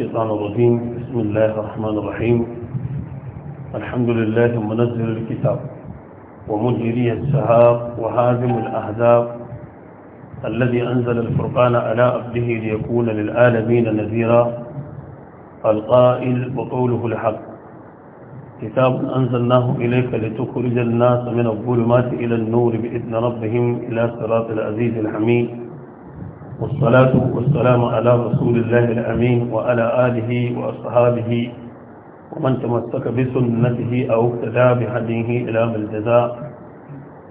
الشيطان الرجيم بسم الله الرحمن الرحيم الحمد لله منزل الكتاب ومجري السهاب وهازم الأهداف الذي أنزل الفرقان على أبده ليكون للعالمين نذيرا القائل وقوله الحق كتاب أنزلناه إليك لتخرج الناس من الظلمات إلى النور بإذن ربهم إلى صراط العزيز الحميد والصلاة والسلام على رسول الله الأمين وعلى آله وأصحابه ومن تمسك بسنته أو اقتدى بهديه إلى الجزاء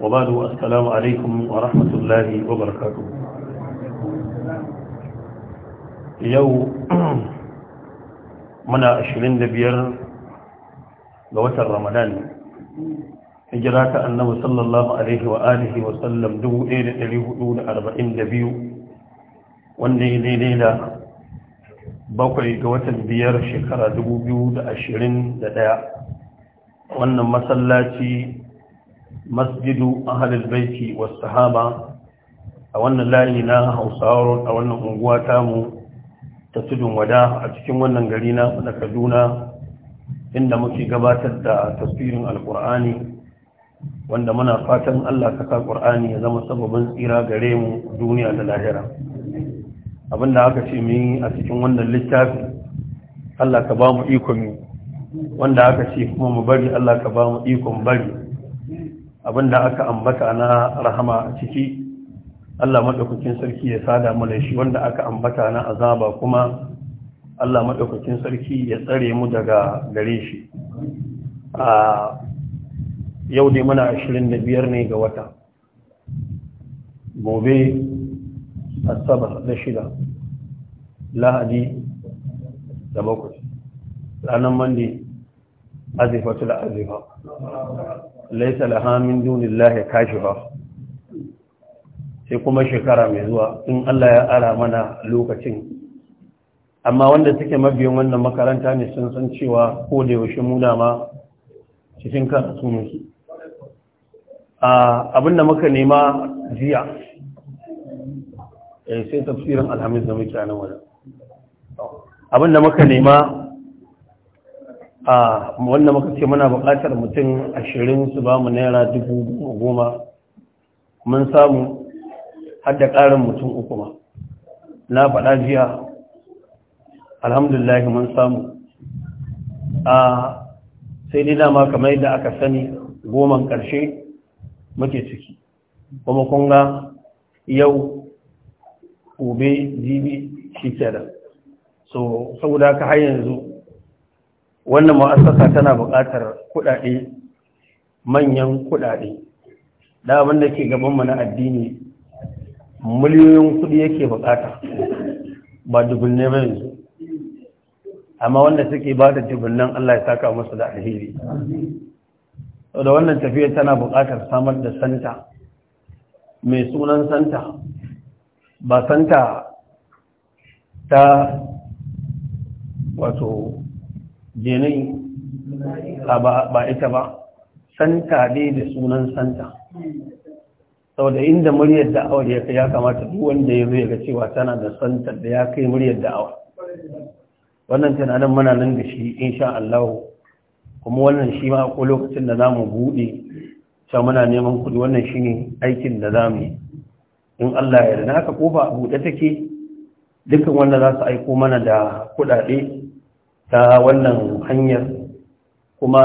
وبعد السلام عليكم ورحمة الله وبركاته يوم منا عشرين دبير لوتر رمضان هجرات النبي صلى الله عليه وآله وسلم دو إلى 1442 wanda ya daidai da bakwai ga watan biyar shekara da ɗaya. wannan masallaci masjidu ahalul baiti was sahaba a wannan layi na hausawa a wannan unguwa tamu ta tudun wada a cikin wannan gari na da kaduna inda muke gabatar da tasirin alkur'ani wanda muna fatan allah ka sa ƙur'ani ya zama sababin tsira gare mu duniya da lahira abin da aka ce mu yi a cikin wannan littafi Allah ka ba mu ikon wanda aka ce kuma mu bari Allah ka ba mu ikon bari abin da aka ambata na rahama a ciki Allah maɗaukakin sarki ya sada mu da shi wanda aka ambata na azaba kuma Allah maɗaukakin sarki ya tsare mu daga gare shi a yau dai muna 25 ne ga wata gobe asabar na shida lahadi da bakwai ranar mandi azifatu da azifa laisa hamin dunin lahi kashi ba sai kuma shekara mai zuwa in Allah ya ara mana lokacin amma wanda suke mabiyan wannan makaranta ne sun san cewa ko da yaushe mu dama cikin karatu musu abinda muka nema jiya Eh, sai tafsirin alhamis da muke nan wajen abinda muka nema a wanda muka ce muna buƙatar mutum ashirin su ba mu naira dubu goma mun samu har da ƙarin mutum uku ma na faɗa jiya alhamdulillah mun samu a sai dai dama kamar yadda aka sani goman ƙarshe muke ciki kuma kunga yau gobe jibi shi kenan so saboda haka har yanzu wannan ma'asasa tana buƙatar kuɗaɗe manyan kuɗaɗe da wanda ke gabanmu na addini miliyoyin kuɗi yake buƙata ba dubunne ba yanzu amma wanda suke ba da dubunnan Allah ya saka musu da alheri da wannan tafiya tana buƙatar samar da santa mai sunan santa ba santa ta wato jenai ba ita ba santa dai da sunan santa saboda inda muryar da'awar ya ya kamata duk wanda ya zai ga cewa tana da santa da ya kai muryar da'awar wannan tunanin muna nan da shi insha Allah kuma wannan shi ma ko lokacin da zamu buɗe, cewa muna neman kudi wannan shi ne aikin da zamu yi in Allah ya yarda haka kofa a buɗe take dukkan wanda za su aiko mana da kuɗaɗe ta wannan hanyar kuma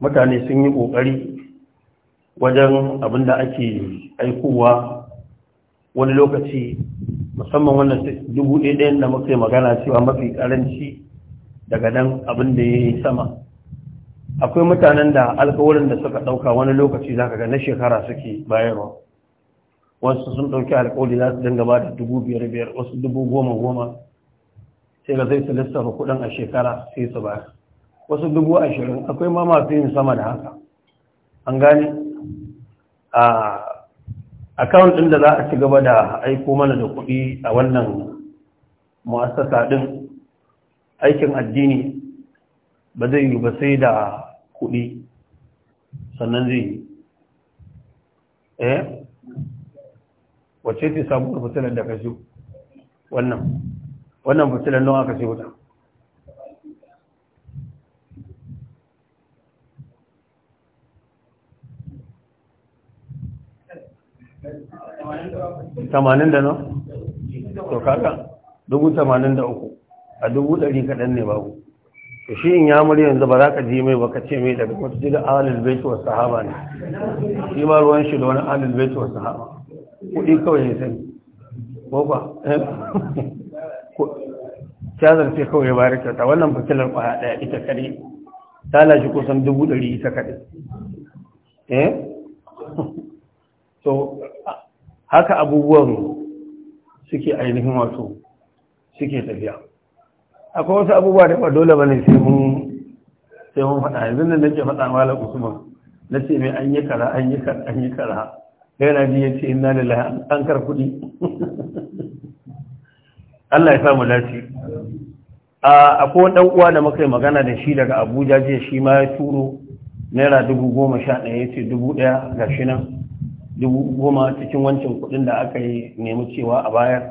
mutane sun yi ƙoƙari wajen abin da ake aikowa wani lokaci musamman wannan dubu ɗaya da muka yi magana cewa mafi ƙaranci daga nan abin da ya yi sama akwai mutanen da alkawarin da suka ɗauka wani lokaci za ka ga na shekara suke bayarwa wasu sun ɗauki alƙawari za su dinga ba da dubu biyar biyar wasu dubu goma goma sai ga sai su lissafa kuɗin a shekara sai su bayar wasu dubu ashirin akwai ma masu yin sama da haka an gane a akawun ɗin da za a ci gaba da aiko mana da kuɗi a wannan mu'assasa ɗin aikin addini ba zai yi ba sai da kuɗi sannan zai yi eh? wacce ce da fitilar da ka siyo wannan wannan fitilar nawa aka siyo ta tamanin da nan to kaka dubu tamanin da uku a dubu ɗari kaɗan ne babu to shi in ya yanzu ba za ka ji mai baka ce mai daga wata jirgin ahalul baitu wa sahaba ne shi ma ruwan shi da wani ahalul baitu wa sahaba kuɗi kawai ya sani ko ba eh. cazar sai kawai ba da kyauta wannan fitilar kwaya ɗaya ita kare ta lashe kusan dubu ɗari ita kare eh so haka abubuwan suke ainihin wato suke tafiya akwai wasu abubuwa da ba dole ba ne sai mun sai mun faɗa yanzu da nake faɗa malam usman na ce mai an yi kara an yi kara an yi kara yana ji ya ce inna lillahi an kar kudi Allah ya samu lati a akwai dan uwa da muka yi magana da shi daga Abuja jiya shi ma ya turo naira dubu goma sha ɗaya ya ce dubu ɗaya ga shi nan dubu goma cikin wancan kuɗin da aka yi nemi cewa a bayar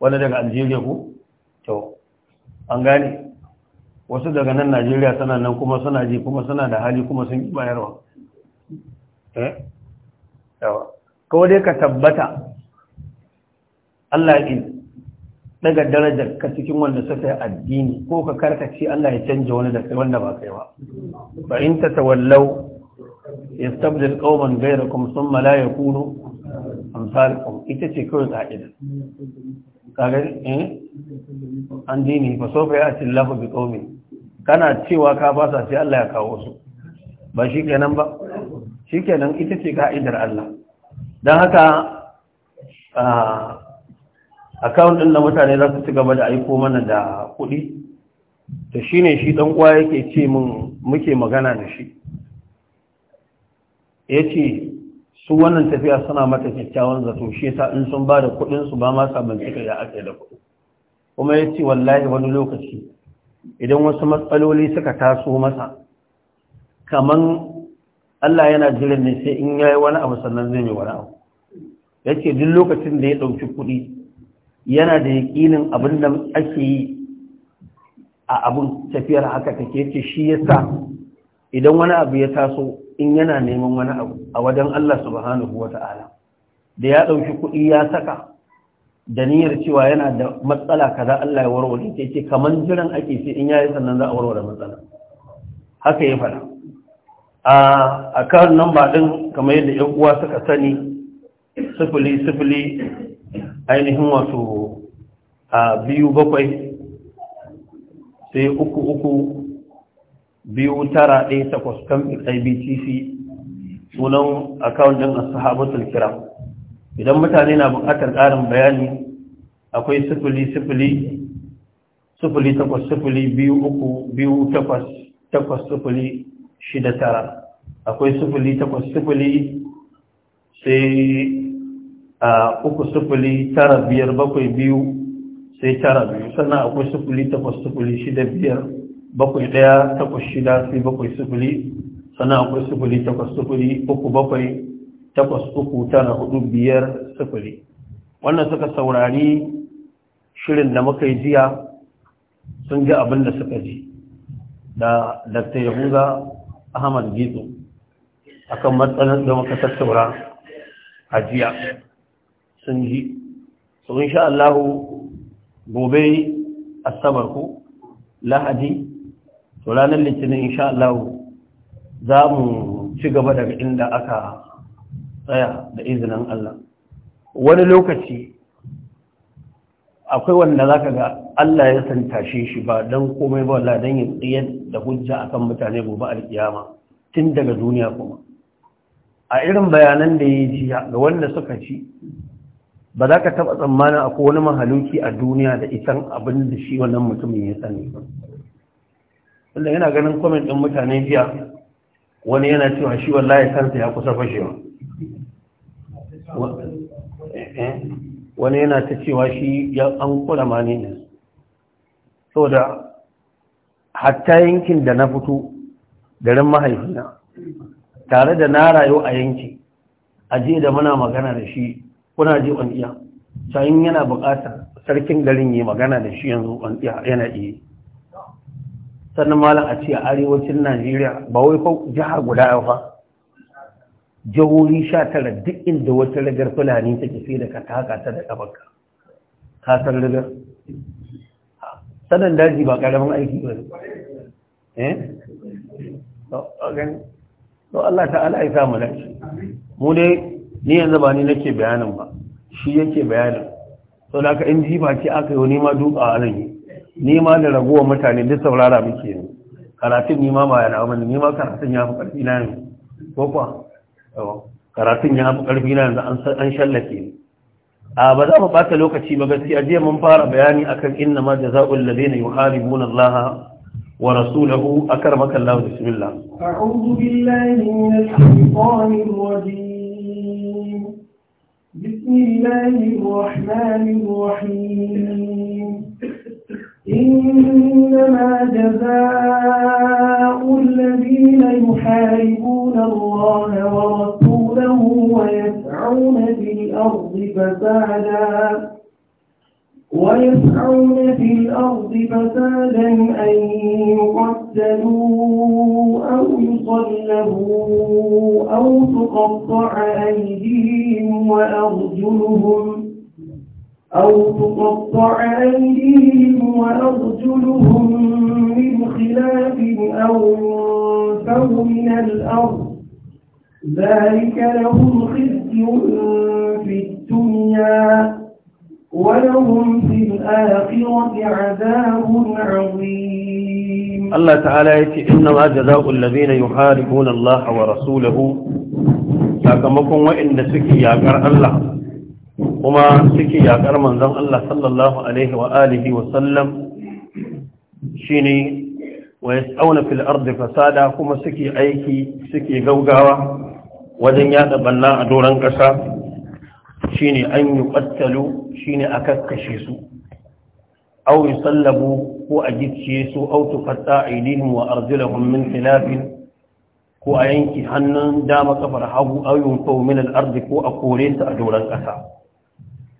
wani daga Algeria ko to an gane wasu daga nan Najeriya suna nan kuma suna ji kuma suna da hali kuma sun bayarwa Eh? ko dai ka tabbata Allah ya daga darajar ka cikin wanda suka yi addini ko ka karkace Allah ya canja wani da wanda ba kai ba fa in ta tawallau yastabdil qauman ghayrakum thumma la yakunu amsalkum ita ce kawai ka'ida kaga eh an dini fa sofa ya ati bi kana cewa ka fasa sai Allah ya kawo su ba shi kenan ba shi kenan ita ce ka'idar Allah don haka akawun ɗin da mutane za su ci gaba da aiko mana da kuɗi da shi ne shi ɗan'uwa yake ce min muke magana da shi ya ce su wannan tafiya suna mata kyakkyawan zato shi sa in sun ba da kuɗinsu ba ma sabon cika ya ake da kuɗi kuma ya ce wallahi wani lokaci idan wasu matsaloli suka taso masa kaman Allah yana jiran ne sai in yayi wani abu sannan zai yi wani abu ce duk lokacin da ya ɗauki kuɗi yana da yakinin abin da ake yi a abun tafiyar haka take ce, shi yasa idan wani abu ya taso in yana neman wani abu a wajen Allah subhanahu wata'ala da ya ɗauki kuɗi ya saka da niyyar cewa yana da matsala kaza Allah ya warware ce kaman jiran ake sai in yayi sannan za a warware matsala haka ya fara a akawun namba ɗin kamar yadda 'yan uwa suka sani sifili sifili ainihin wasu a biyu bakwai sai uku uku biyu tara ɗaya takwas kan ibtc sunan akawun ɗin a sahabatul kira idan mutane na buƙatar ƙarin bayani akwai sifili sifili sifili takwas sifili biyu uku biyu takwas takwas sifili shida tara akwai sufuli takwas sufuli sai a uku sufuli tara biyar bakwai biyu sai tara biyu sannan akwai sufuli takwas sufuli shida biyar bakwai ɗaya takwas shida sai bakwai sufuli sannan akwai sufuli takwas sufuli uku bakwai takwas uku tara hudu biyar sufuli wannan suka saurari shirin da muka yi jiya sun ji abin da suka ji da dr yahuza ahmad gizo akan matsalar da muka tattaura a jiya sun ji so insha Allah gobe asabar ku lahadi to ranar litinin insha Allah za mu ci gaba daga inda aka tsaya da izinin Allah wani lokaci akwai wanda za ka ga Allah ya san tashe shi ba don komai ba Allah don yi tsayar da hujja a kan mutane gobe alkiyama tun daga duniya kuma a irin bayanan da ya ji ga wanda suka ci ba za ka taba tsammanin akwai wani mahaluki a duniya da isan abin da shi wannan mutumin ya sani ba wanda yana ganin kwamin ɗin mutane jiya wani yana cewa shi wallahi kansa ya kusa fashewa eh, eh. wani yana ta cewa shi ya an kula mani ne so da hatta yankin da na fito garin mahaifina tare da na rayu a yanki aje da muna magana da shi kuna ji ƙwanɗiya sayin yana buƙatar sarkin garin yi magana da shi yanzu ƙwanɗiya yana iya sannan malam a ce a arewacin najeriya ba wai jiha guda fa jahori sha tara duk inda wata ragar fulani take sai da ka taka ta da kafarka. ka san ragar sanan daji ba karamin aiki ba eh to Allah ta'ala ya samu dace mu dai ni yanzu ba ni nake bayanin ba shi yake bayanin to da ka in ji ba ce aka yi ma duka a nan ni ma da ragowar mutane duk saurara muke ne karatun ni ma ba yana amma ni ma karatun ya fi karfi na ne ko kuwa karatun ya haɓu ƙarfi na yanzu an shallake ne a ba za mu ɓata lokaci ba gaskiya jiya mun fara bayani akan inna ma jaza'ul ladina yuharibuna Allah wa rasulahu akramaka Allah bismillah a'udhu billahi minash shaitanir rajim bismillahir rahmanir rahim إنما جزاء الذين يحاربون الله ورسوله ويسعون في الأرض فسادا ويسعون في الأرض فسادا أن يقتلوا أو يصلبوا أو تقطع أيديهم وأرجلهم أو تقطع أيديهم وأرجلهم من خلاف أو ينفوا من الأرض ذلك لهم خزي في الدنيا ولهم في الآخرة عذاب عظيم الله تعالى يتي إنما جزاء الذين يحاربون الله ورسوله ساكمكم وإن سكي يا الله kuma suke yakar manzon Allah sallallahu alaihi wa alihi wa sallam shine wa tsauna fil fasada kuma suke aiki suke gaugawa wajen yada banna a doron kasa shine an yuqattalu shine akakkashe su aw yusallabu ko a gicciye su aw a aydihim wa arjuluhum min khilafin ko a yanki hannun dama kafar hagu ayyun fau min ardi ko a kore su a doron ƙasa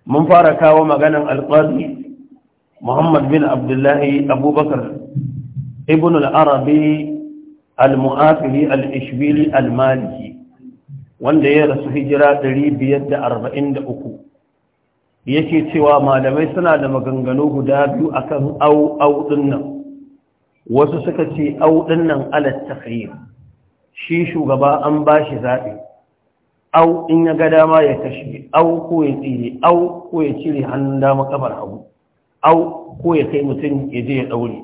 mun fara kawo maganar alƙadi muhammad bin abdullahi abubakar ibn al-arabi al-mu'afili al al-maliki wanda ya rasu hijira 543 yake cewa malamai suna da maganganu guda biyu akan au au wasu suka ce au dinnan ala shi shugaba an bashi zaɓi. au in ya ga dama ya kashe au ko ya tsire au ko ya cire hannun dama kafar hagu au ko ya kai mutum ya je ya daure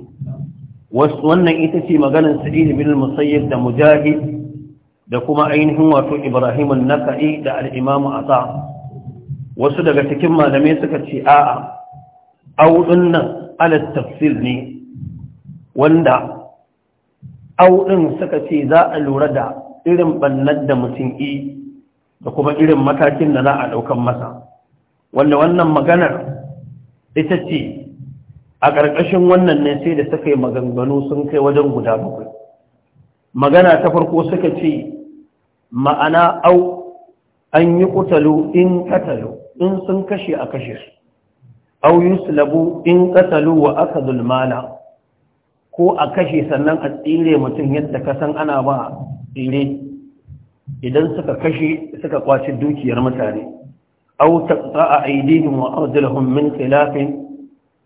wannan ita ce maganar sa'id bin musayyib da mujahid da kuma ainihin wato ibrahim an-naqi da al-imam ata wasu daga cikin malamai suka ce a'a au nan ala tafsir ne wanda au din suka ce za a lura da irin bannar da mutum yi da kuma irin matakin da za a ɗaukan masa wanda wannan maganar ita ce a ƙarƙashin wannan ne sai da suka yi maganganu sun kai wajen guda bakwai magana ta farko suka ce ma'ana au an yi kutalu in katalu in sun kashe a kashe su au sulabu in wa aka zulmana ko a kashe sannan a tsire mutum yadda kasan ana ba tsire idan suka kashe suka kwaci dukiyar mutane aw taqta'a aydihim wa arjuluhum min khilaf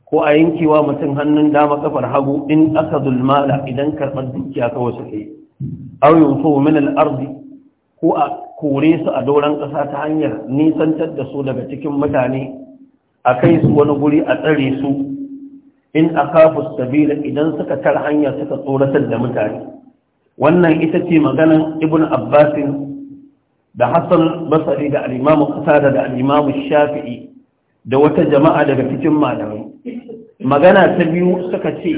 ko a yankewa mutum hannun dama kafar hagu in aka mala idan karɓar dukiya kawai suka yi aw yunfu min al-ardi ko a kore su a doron ƙasa ta hanyar nisantar da su daga cikin mutane a kai su wani guri a tsare su in a kafus sabila idan suka tar hanya suka tsoratar da mutane wannan ita ce maganan ibn abbasin da hassan basari da al'imamu kasada da al'imamu shafi'i da wata jama'a daga cikin malamai magana ta biyu suka ce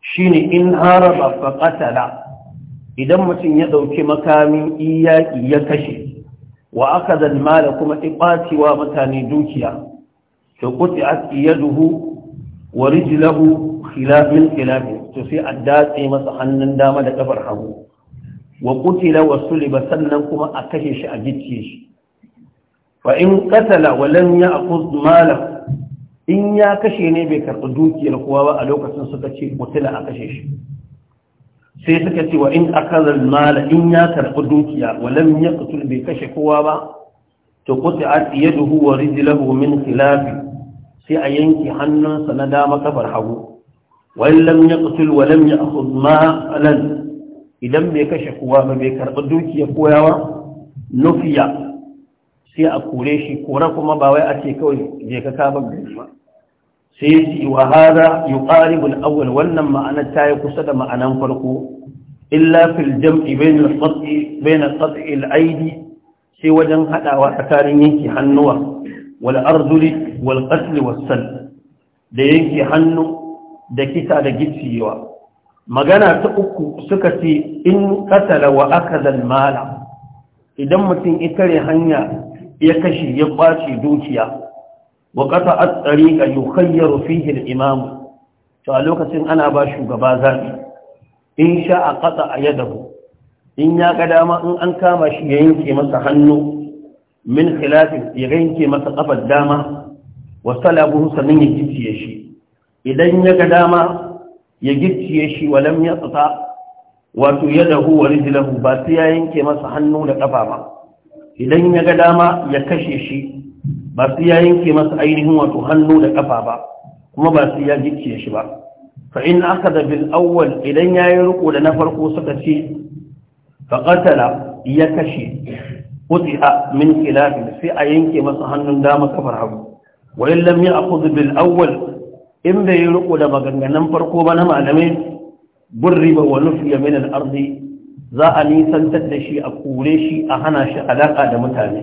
shine in haraba faƙatala idan mutum ya ɗauki makamin iyaki ya kashe wa aka zalma da kuma iɓacewa mutane dukiya ta kuti a duhu wa rijlahu khilafin khilafin to sai a datse masa hannun dama da kafar hagu wa qutila wa suliba sannan kuma a kashe shi a gicciye shi fa in qatala wa lam ya'khudh in ya kashe ne bai karɓi dukiyar kowa ba a lokacin suka ce qutila a kashe shi sai suka ce wa in in ya karɓi dukiya bai kashe ba to qutila yaduhu wa rijluhu min sai a yanki hannunsa na dama kafar hagu wani ya wa ya akhud ma'alan idan bai kashe kowa ba bai karɓi dukiya koyawa nufiya sai a kore shi kora kuma ba wai a ce kawai je ka kaba gari ba sai ya wa hada wannan ma'anar ta yi kusa da ma'anan farko illa fil jam'i bain al al-aidi sai wajen hadawa tsakanin yanki hannuwa wal arzuli wal da yanke hannu da kisa da gicciyewa magana ta uku suka ce in katala wa aka al idan mutum ita itare hanya ya kashe ya ɓace dukiya wa ƙasa at tariqa yukhayyaru fihi al imam to a lokacin ana ba shugaba zabi in sha a qata yadahu in ya ga dama in an kama shi ya yanke masa hannu min khilafin ya yanke masa kafar dama wa salabuhu sannan ya gicciye shi idan ya ga dama ya gicciye shi walam ya tsata wato ya dahu wa rijlahu ba su ya yanke masa hannu da kafa ba idan ya ga dama ya kashe shi ba su ya yanke masa ainihin wato hannu da kafa ba kuma ba su ya gicciye shi ba fa in aka da bil awwal idan ya yi riko da na farko suka ce fa qatala ya kashe qutiha min khilaf sai a yanke masa hannun dama kafar hagu wa in lam ya'khudh bil awwal in bai yi riko da maganganun farko ba na malamai burriba wa nufiya min al ardi za a nisantar da shi a kore shi a hana shi alaka da mutane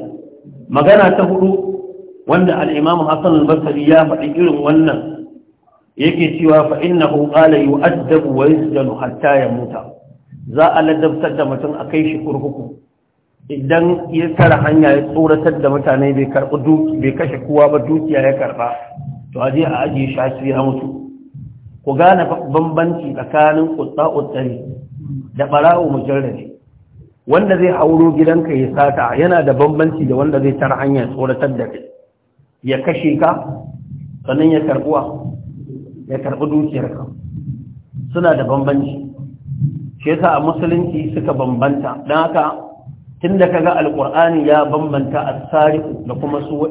magana ta hudu wanda al-imam Hassan al-Basri ya faɗi irin wannan yake cewa fa innahu qala yu'addabu wa yusjanu hatta yamuta za a ladabtar da mutum a kai shi kurkuku idan ya tara hanya ya tsoratar da mutane bai karɓi duki bai kashe kowa ba dukiya ya karɓa to aje a ajiye shi asiri a mutu ku gane bambanci tsakanin kutsa kutsari da ɓarawo mujarrabi wanda zai hauro gidanka ya sata yana da bambanci da wanda zai tara hanya ya tsoratar da kai ya kashe ka sannan ya karɓuwa ya karɓi ka suna da bambanci shi yasa a musulunci suka bambanta don haka tun da kaga Alƙur'ani ya bambanta a tsariku da kuma su ku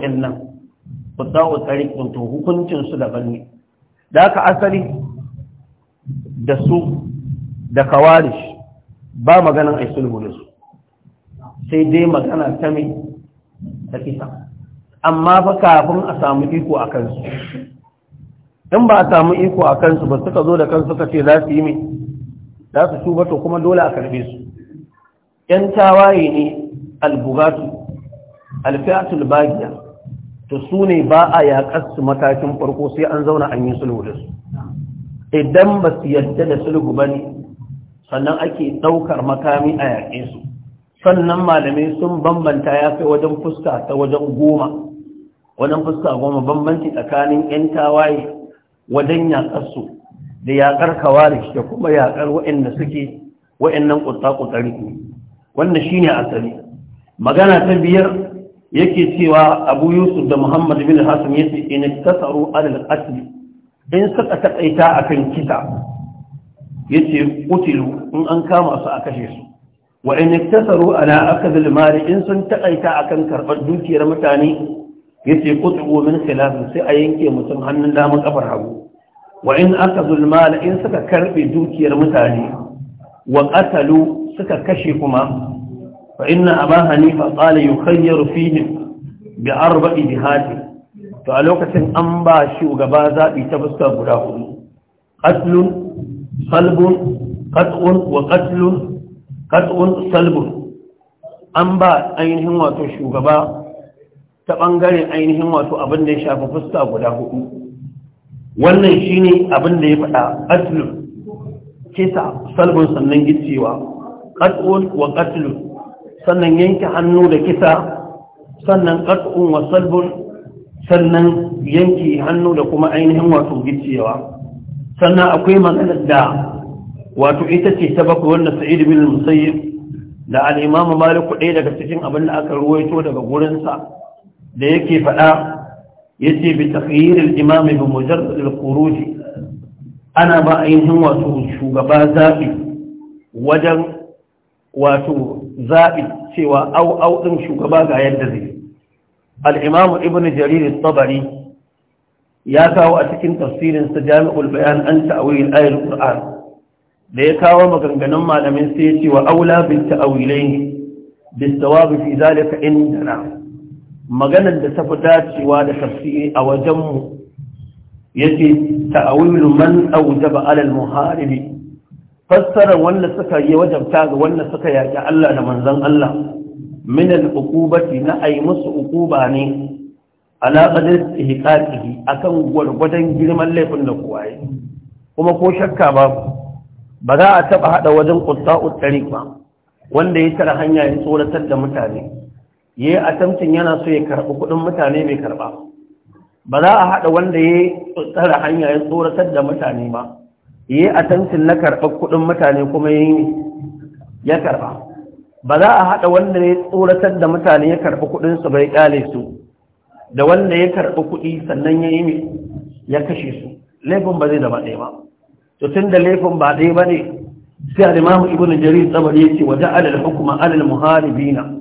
qutau tariqun to hukuncin su daban ne da ka asali da su da kawarish ba a yi sulhu da su sai dai magana ta mai ta kisa amma fa kafin a samu iko a kansu in ba a samu iko a kansu ba suka zo da kansu suka ce za su yi mai za su shuba to kuma dole a karbe su 'yan tawaye ne albugatu alfiatul bagiya to su ne ba a yaƙar matakin farko sai an zauna an yi sulhu da su idan ba su yadda da sulhu ba ne sannan ake ɗaukar makami a yaƙe su sannan malamai sun bambanta ya fi wajen fuska ta wajen goma wajen fuska goma bambanci tsakanin 'yan tawaye wajen yaƙar da yaƙar kawarish da kuma yaƙar waɗanda suke waɗannan ƙutsa-ƙutsari wannan shine asali magana ta biyar yake cewa abu yusuf da muhammad bin hasan yace in tasaru alal qatl in suka takaita akan kisa yace qutilu in an kama su a kashe su wa in iktasaru ala akad al mali in sun takaita akan karbar dukiyar mutane yace qutu min khilaf sai a yanke mutum hannun damar kafar hagu wa in akadul mal in suka karbe dukiyar mutane wa qatalu suka kashe kuma fa inna aba hanifa qala yukhayyaru fihim bi arba'i jihati to a lokacin an ba shi gaba zabi ta fuska guda hudu qatlun salbun qat'un wa qatlun qat'un salbun an ba ainihin wato shugaba ta bangaren ainihin wato abin da ya shafi fuska guda hudu wannan shine abin da ya faɗa atlun kisa salbin sannan gicewa qat'un wa qatlun sannan yanke hannu da kisa sannan qat'un wa salbun sannan yanke hannu da kuma ainihin wato gicciyewa sannan akwai maganar da wato ita ce ta bakwai wanda sa'id bin musayyib da al-imam malik ɗaya daga cikin abin da aka ruwaito daga gurinsa da yake faɗa yace bi takhyir al-imam bi mujarrad al-khuruj ana ba ainihin wato shugaba zabi wajen wato zaɓi cewa au au ɗin shugaba ga yadda zai al'imamu ibn jarir tabari ya kawo a cikin tafsirin sa jami'ul bayan an ta'awil ayar qur'an da ya kawo maganganun malamin sai ya ce wa aula bin ta'awilai bisawabi fi zalika indana maganar da ta fi dacewa da tafsiri a wajenmu yace ta'awilu man aujaba alal muharibi fassara, wanda suka yi wajabta ga wanda suka yaƙi Allah da manzon Allah min al na ay musu uquba ne ala qadar ihqaqihi akan gurgudan girman laifin da kowa yi kuma ko shakka ba ba za a taba hada wajen qutta'u tariq ba wanda ya tara hanya ya tsoratar da mutane a atamtin yana so ya karɓi kudin mutane bai karba ba za a hada wanda ya tsara hanya ya tsoratar da mutane ba yi a tantin na karɓar kuɗin mutane kuma yi ya karɓa ba za a haɗa wanda ya tsoratar da mutane ya karɓi kuɗinsu bai ƙyale su da wanda ya karɓi kuɗi sannan ya yi ya kashe su laifin ba zai zama ɗaya ba to tun da laifin ba ɗaya ba ne sai alimamu ibnu jarir tsabar ya ce waje alal hukuma alal muharibina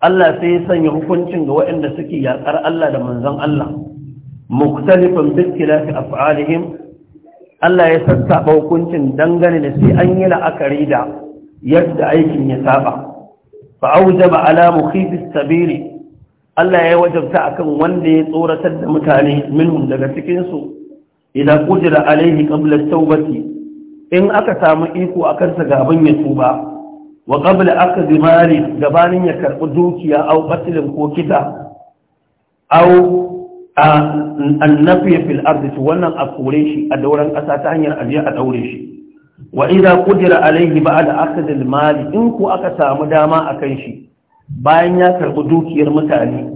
Allah sai ya sanya hukuncin ga waɗanda suke yaƙar Allah da manzon Allah muktalifan bi ikhtilafi af'alihim Allah ya sassaɓa hukuncin dangane da sai an yi la'akari da yadda aikin ya saba fa ba ala mukhifis sabiri Allah ya wajabta akan wanda ya tsoratar da mutane minhum daga cikin su idan kujira alaihi qabla tawbati in aka samu iko kansa ga gaban ya tuba wa aka akhdhi mali gabanin ya karɓi dukiya aw qatlin ko kita Au. annafiya fil ardi wannan a kore shi a dauran ƙasa ta hanyar aje a daure shi wa idza qudira alayhi ba'da akhd al mali in ku aka samu dama akan shi bayan ya karbi dukiyar mutane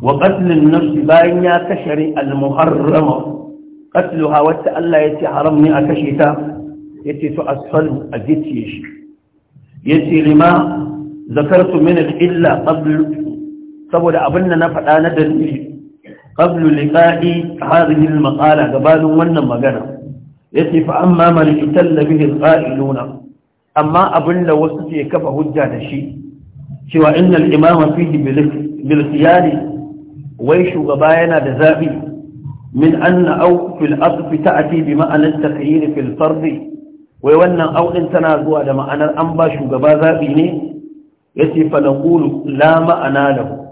wa qatl an bayan ya kashe al muharrama qatluha wacce Allah ce haram ne a kashe ta yace to asfal a gice shi yace lima zakartu min al illa qabl saboda abin da na faɗa na dalili qablu liqa'i hadhihi al-maqala gabanin wannan magana yace fa amma man tallafi bihi al-qa'iluna amma abinda wasu ke kafa hujja da shi cewa innal imama fihi bil wai shugaba yana da zabi min anna aw fil asf ta'ti bi ma'ana at-takhyir fil fard wai wannan aw tana zuwa da ma'anar an ba shugaba zabi ne yace fa naqulu la ma'ana lahu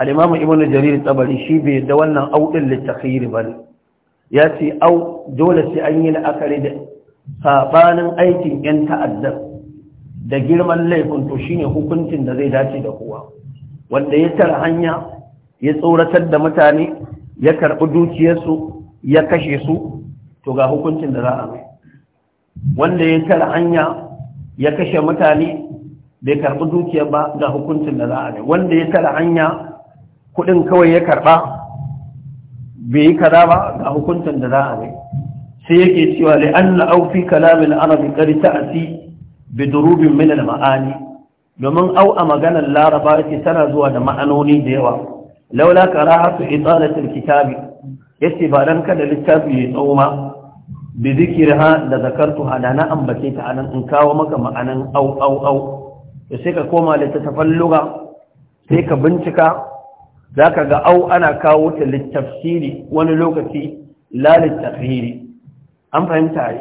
al-imamu ibnu jarir tabari shi bai da wannan audin litakhir bane ya ce au dole sai an yi la'akari da sabanin aikin yan ta'addar da girman laifin to shine hukuncin da zai dace da kowa wanda ya tara hanya ya tsoratar da mutane ya karɓi dukiyarsu ya kashe su to ga hukuncin da za a mai wanda ya tara hanya ya kashe mutane bai karɓi dukiyar ba ga hukuncin da za a mai wanda ya tara hanya kuɗin kawai ya karɓa bai yi kaza ba ga hukuncin da za a mai sai yake cewa li anna au fi kalamin arabi qad ta'ti bi durubin min al ma'ani domin au a maganar laraba yake tana zuwa da ma'anoni da yawa laula karahatu italatil kitabi yace ba dan kada littafi ya tsawo ma bi zikirha da zakartuha da na ambace ta anan in kawo maka ma'anan au au au sai ka koma littattafan lugha sai ka bincika za ka ga au ana kawo ta littafsiri wani lokaci la littafiri an fahimta ne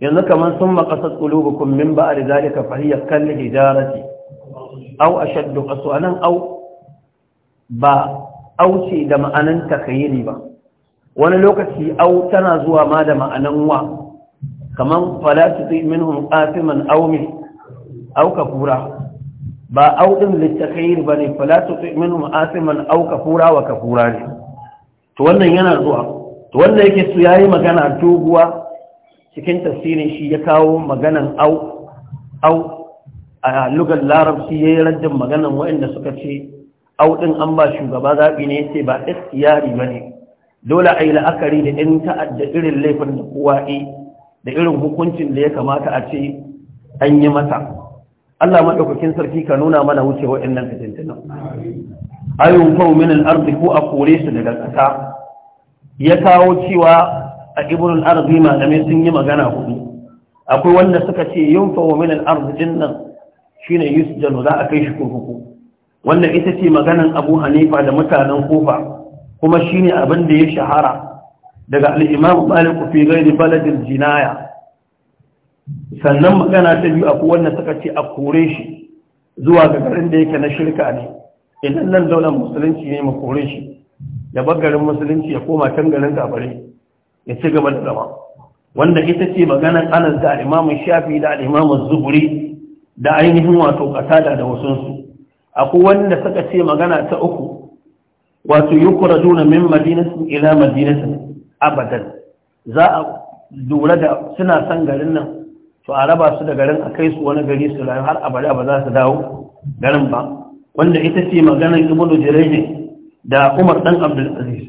yanzu kamar sun makasar ƙulubukun min ba a da zalika fahiyar kalli hijarati au a shaddu a nan au ba au ce da ma'anan takayiri ba wani lokaci au tana zuwa ma da ma'anan wa kamar falatu minhum qatiman aw min ka kafura ba auɗin littafiyar ba ne falatu min ma'asiman au kafura wa kafura ne to wannan yana zuwa to wanda yake su ya yi magana doguwa cikin tafsirin shi ya kawo maganan au au a lugar larabci ya yi rajin maganan waɗanda suka ce auɗin an ba shugaba zaɓi ne ce ba istiyari ba ne dole a yi la'akari da ɗin ta'adda irin laifin da kowa da irin hukuncin da ya kamata a ce an yi masa. Allah maɗaukakin sarki ka nuna mana wuce wa'annan fitintunan ayun fau min al ko a kore su daga ƙasa ya kawo cewa a ibn al malamai sun yi magana hudu akwai wanda suka ce yun fau min al nan shi ne Yusuf yusjanu za a kai shi kurkuku wannan ita ce maganan Abu Hanifa da mutanen Kofa kuma shine abin da ya shahara daga al-Imam Malik fi ghairi jinaya sannan magana ta biyu akwai wannan suka ce a kore shi zuwa ga garin da yake na shirka ne idan nan daular musulunci ne mu kore shi ya bar garin musulunci ya koma can garin gabare ya ci gaba da zama wanda ita ce maganar anas da al'imamun shafi da al'imamun zuburi da ainihin wato kasada da wasunsu akwai wanda suka ce magana ta uku wato yi kurajuna min madinatin ila madinatin abadan za a lura da suna san garin nan to a raba su da garin a kai su wani gari su rayu har abada ba za su dawo garin ba wanda ita ce maganar ibnu jirage da umar dan abdul aziz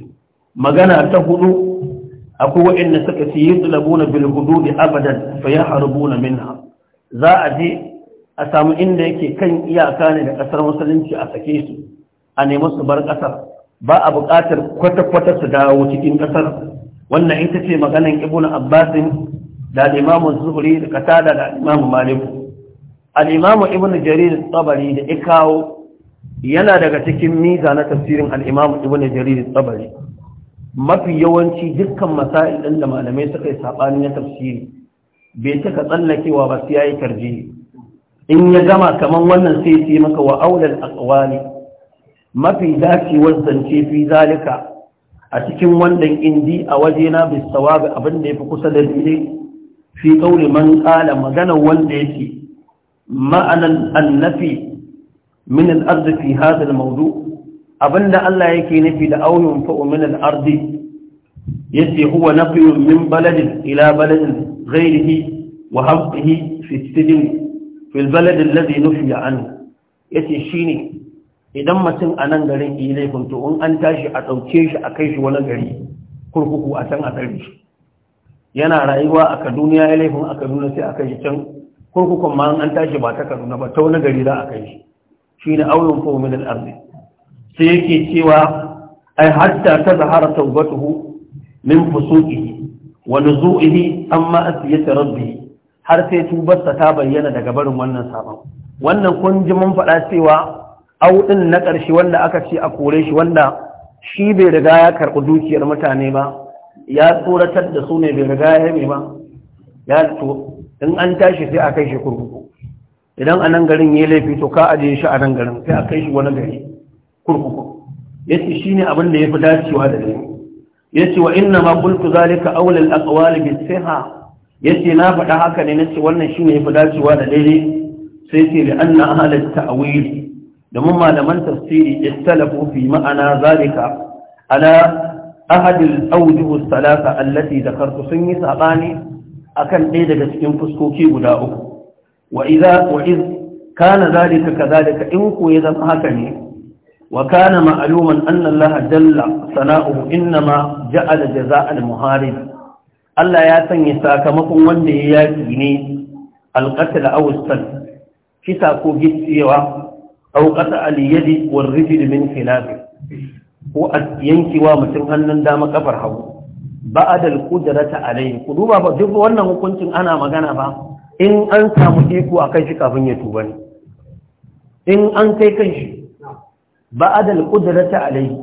magana ta hudu akwai waɗanda suka ce yi tsulabuna bil hududi abadan fa ya harbuna minha za a je a samu inda yake kan iyaka ne da kasar musulunci a sake su a nemi su bar kasar ba a buƙatar kwata-kwata su dawo cikin kasar wannan ita ce maganar ibnu abbasin da al'imamu zuhuri da katada da al'imamu maliku al'imamu ibn jarir tsabari da ikawo yana daga cikin miza na tafsirin al'imamu ibn jarir tsabari mafi yawanci dukkan masail ɗin da malamai suka yi saɓani na tafsiri bai taka tsallakewa ba sai yayi yi in ya gama kamar wannan sai yi maka wa aulal aqwali mafi dacewar zance fi zalika a cikin wannan indi a wajena na bisawabi abin da yafi kusa da daidai fi kauli man qala magana wanda yake ma'anan annafi min al-ard fi hadha al-mawdu abinda Allah yake nufi da auyun fa'u min al-ard yace huwa naf'i min baladin ila baladin ghayrihi wa hafihi fi al-sijn fi al-balad alladhi nufiya anhu yace shine idan mutum a nan garin yi laifin to in an tashi a ɗauke shi a kai shi wani gari kurkuku a can a tsare shi yana rayuwa a kaduna ya laifin a kaduna sai aka yi can kurkukun ma an tashi ba ta kaduna ba ta wani gari za a kai shi shi ne auren fomin al'arzi sai yake cewa ai hatta ta zahara taubatuhu min fusuki wa nuzu'ihi amma asiyata rabbi har sai tubarsa ta bayyana daga barin wannan sabon wannan kun ji mun faɗa cewa auɗin na ƙarshe wanda aka ce a kore shi wanda shi bai riga ya karɓi dukiyar mutane ba ya tsoratar da su ne bai riga ya yi ba ya to in an tashi sai a kai shi kurkuku idan a nan garin ya laifi to ka ajiye shi a nan garin sai a kai shi wani gari kurkuku ya ce shi ne abin da ya fi dacewa da ne ya ce wa inna ma kultu zalika aulal aqwali bi siha ya ce na faɗa haka ne na ce wannan shi ne ya fi dacewa da daidai sai ce da anna a ta'awili domin malaman tafsiri istalafu fi ma'ana zalika ala ahadul awjuhu salasa da zakartu sun yi sabani akan ɗaya daga cikin fuskoki guda uku wa idza wa iz kana zalika kadhalika in ko ya zama haka ne wa kana ma'luman anna Allah jalla sana'uhu da ja'ala jazaa'al muharib Allah ya sanya sakamakon wanda ya yi yaki ne alqatl aw as kisa ko gitsewa aw aliyadi, al-yadi war-rijl ko a yankewa mutum hannun dama kafar hagu ba'ad al a alayhi ku duba ba duk wannan hukuncin ana magana ba in an samu iko kai shi kafin ya tuba ne in an kai kan shi ba'ad al a alayhi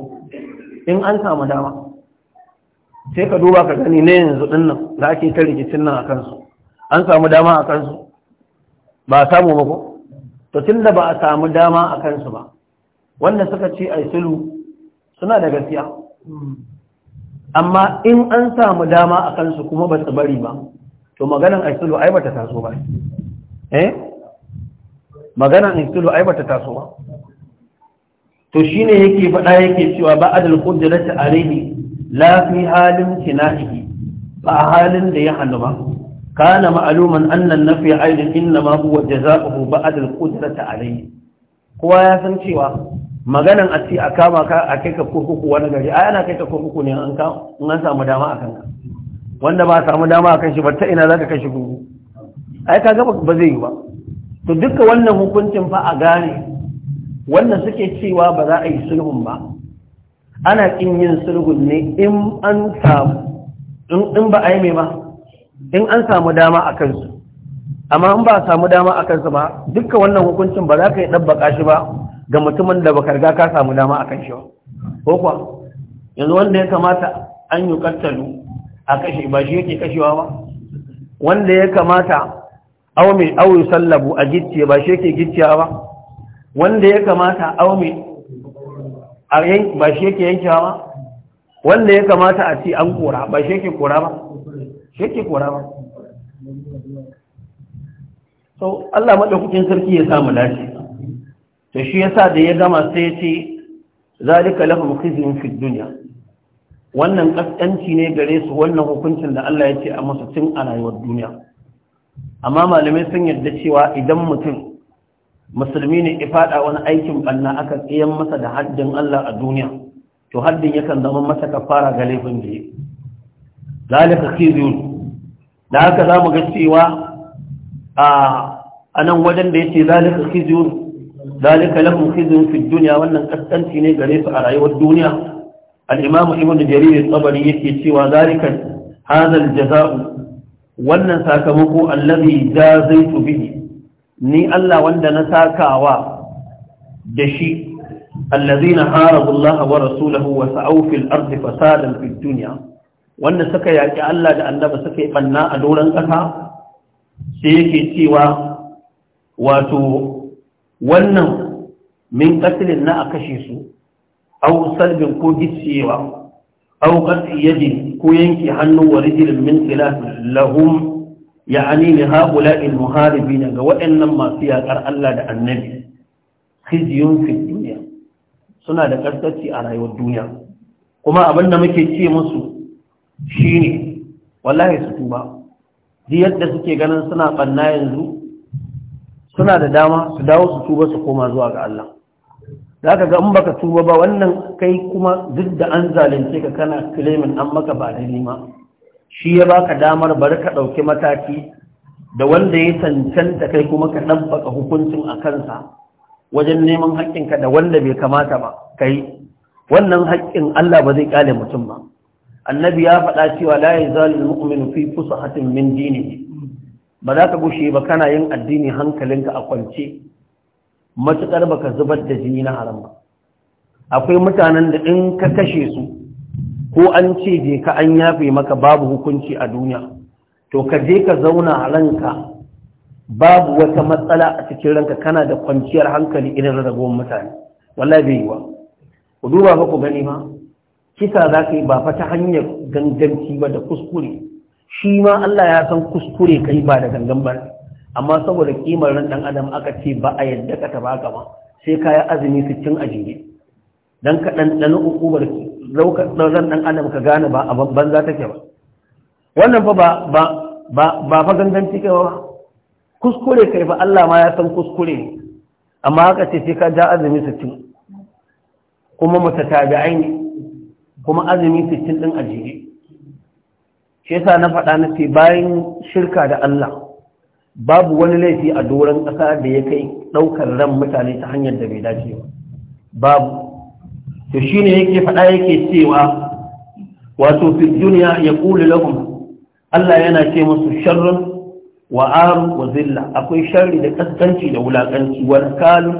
in an samu dama sai ka duba ka gani ne yanzu din nan da ake ta rikicin nan a kansu. an samu dama a kansu. ba a samu ba ko to tunda ba a samu dama a kansu ba wanda suka ce ai sulhu suna da gaskiya amma in an samu dama a kansu kuma ba su bari ba to maganan aisulu ai ba ta taso ba eh maganan aisulu ai ba ta taso ba to shine yake faɗa yake cewa ba adal qudrati alayhi la fi halin kinahi ba halin da ya hannu ba kana ma'aluman anna an aidin inna ma huwa jazaa'uhu ba adal qudrati alayhi kowa ya san cewa maganan a ce a kama ka a kai ka kurkuku wani gari A yana kai ka kurkuku ne in an samu dama a kanka wanda ba samu dama a kan shi ba ta ina ka kai shi kurkuku ai kaga ba zai yi ba to duka wannan hukuncin fa a gane wannan suke cewa ba za a yi sulhun ba ana kin yin sulhun ne in an samu in ba a yi mai ba in an samu dama a kansu amma in ba a samu dama a kansu ba duka wannan hukuncin ba za ka yi ɗabbaƙa shi ba ga mutumin da baka riga ka samu dama kan shi ko kuwa yanzu wanda ya kamata an yi kattalu a kashe ba shi yake kashewa ba wanda ya kamata aume mai sallabu a gicciye ba shi yake gicciya ba wanda ya kamata aume mai a yanki ba shi yake yankewa ba wanda ya kamata a ci an kora ba shi yake kora ba shi yake kora ba so Allah madaukakin sarki ya samu lafiya to shi yasa da ya gama sai ya ce zalika lahum khizyun fid dunya wannan kaskanci ne gare su wannan hukuncin da Allah ya ce a masa tun a rayuwar duniya amma malamai sun yarda cewa idan mutum musulmi ne fada wani aikin banna aka tsayan masa da haddin Allah a duniya to haddin yakan zama masa kafara ga laifin da yi zalika khizyun da haka zamu ga cewa a anan wajen da yace zalika khizyun zalika lahum khizyun wannan kaskanci ne gare su a rayuwar duniya al-imam ibnu jarir al yake cewa zalika hadha al-jaza'u wannan sakamako allazi jazaitu bihi ni Allah wanda na sakawa da shi allazina haradu Allah wa rasulahu wa sa'u fil ardi fasadan fid dunya wanda suka yaki Allah da annaba suka yi banna a doran kasa sai yake cewa wato wannan min katilin na a kashe su au salbin ko gicciyewa au katsi yadi ko yanke hannu wa rijilin min khilaf lahum ya'ani li ha'ula'il muharibina ga waɗannan masu yaƙar Allah da annabi khizyun fi duniya suna da karkaci a rayuwar duniya kuma abin da muke ce musu shine wallahi su tuba ji yadda suke ganin suna ɓanna yanzu suna da dama su dawo su tuba su koma zuwa ga Allah za ka ga in baka tuba ba wannan kai kuma duk da an zalunce ka kana kilimin an maka ba da nima shi ya baka damar bari ka ɗauki mataki da wanda ya cancanta kai kuma ka ɗabbaka hukuncin a kansa wajen neman haƙƙinka da wanda bai kamata ba kai wannan haƙƙin Allah ba zai ƙale mutum ba annabi ya faɗa cewa la yazalul mu'minu fi fusahatin min dinihi ba za ka gushe ba kana yin addini hankalinka a kwance matuƙar ba ka zubar da jini na haram ba akwai mutanen da in ka kashe su ko an ce je ka an yafe maka babu hukunci a duniya to ka je ka zauna a ranka babu wata matsala a cikin ranka kana da kwanciyar hankali irin ragowar mutane wallahi bai yi wa ku duba ba ku gani ma kisa za ka yi ba fata hanyar ganganci ba da kuskure shi ma Allah ya san kuskure kai ba da gangan ba amma saboda kimar ran dan adam aka ce ba a yadda ka taba ka ba sai ka yi azumi su cin ajiye. dan ka dan dan ukubar ran dan adam ka gane ba a banza take ba wannan fa ba ba ba ba fa gangan take ba kuskure kai fa Allah ma ya san kuskure ne amma aka ce sai ka ja azumi cin, kuma mutatabi'ai aini. kuma azumi cin din ajiye shi yasa na faɗa na ce bayan shirka da Allah babu wani laifi a doron ƙasa da ya kai ɗaukar ran mutane ta hanyar da bai dace ba babu to shine yake faɗa yake cewa wato fi duniya ya ƙuli lahum Allah yana ce musu sharrun wa aru wa zilla akwai sharri da kaskanci da wulakanci wal kalu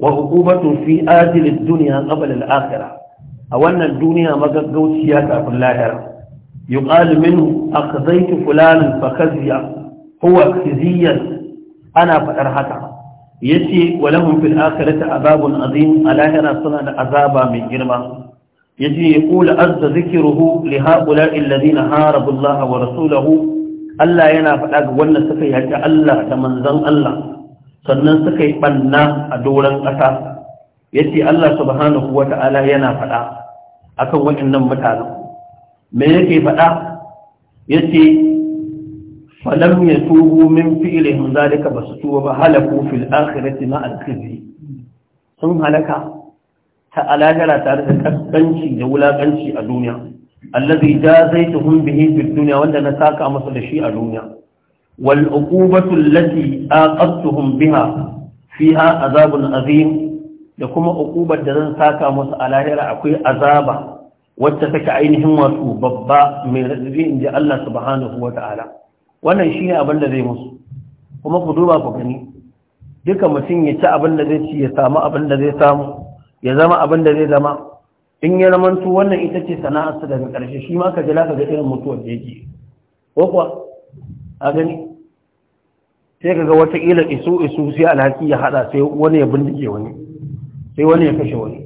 wa hukubatun fi ajilid duniya qabla al akhirah a wannan duniya magaggauciya kafin lahira yuqalu minhu akhdaytu fulanan fa kaziya huwa khiziyan ana fadar haka yace walahum fil akhirati azabun azim alahira suna da azaba mai girma yace yaqulu azza zikruhu li haula'i alladhina harabu Allah wa rasulahu Allah yana faɗa ga wanda suka yaki Allah da manzon Allah sannan suka yi banna a doron ƙasa yace Allah subhanahu ta'ala yana faɗa akan waɗannan mutanen me yake faɗa ce. falam ya tubu min fi'ilihim zalika basu tuba ba halaku fil akhirati ma al sun halaka ta alajara tare da kaskanci da wulakanci a duniya allazi jazaituhum bihi fid dunya wanda na saka masa da shi a duniya wal uqubatu allati aqadtuhum biha fiha azabun azim da kuma uqubar da zan saka musu a lahira akwai azaba wacce take ainihin wasu babba mai radadi in ji Allah subhanahu wa ta'ala wannan shi ne abin da zai musu kuma ku duba ku gani duka mutum ya ci abin da zai ci ya samu abin da zai samu ya zama abin da zai zama in ya ramantu wannan ita ce sana'arsa daga ƙarshe shi ma ka ji ka ga irin mutuwar da yake ko kuwa a gani sai ka ga wataƙila isu isu sai alhaki ya haɗa sai wani ya bindige wani sai wani ya kashe wani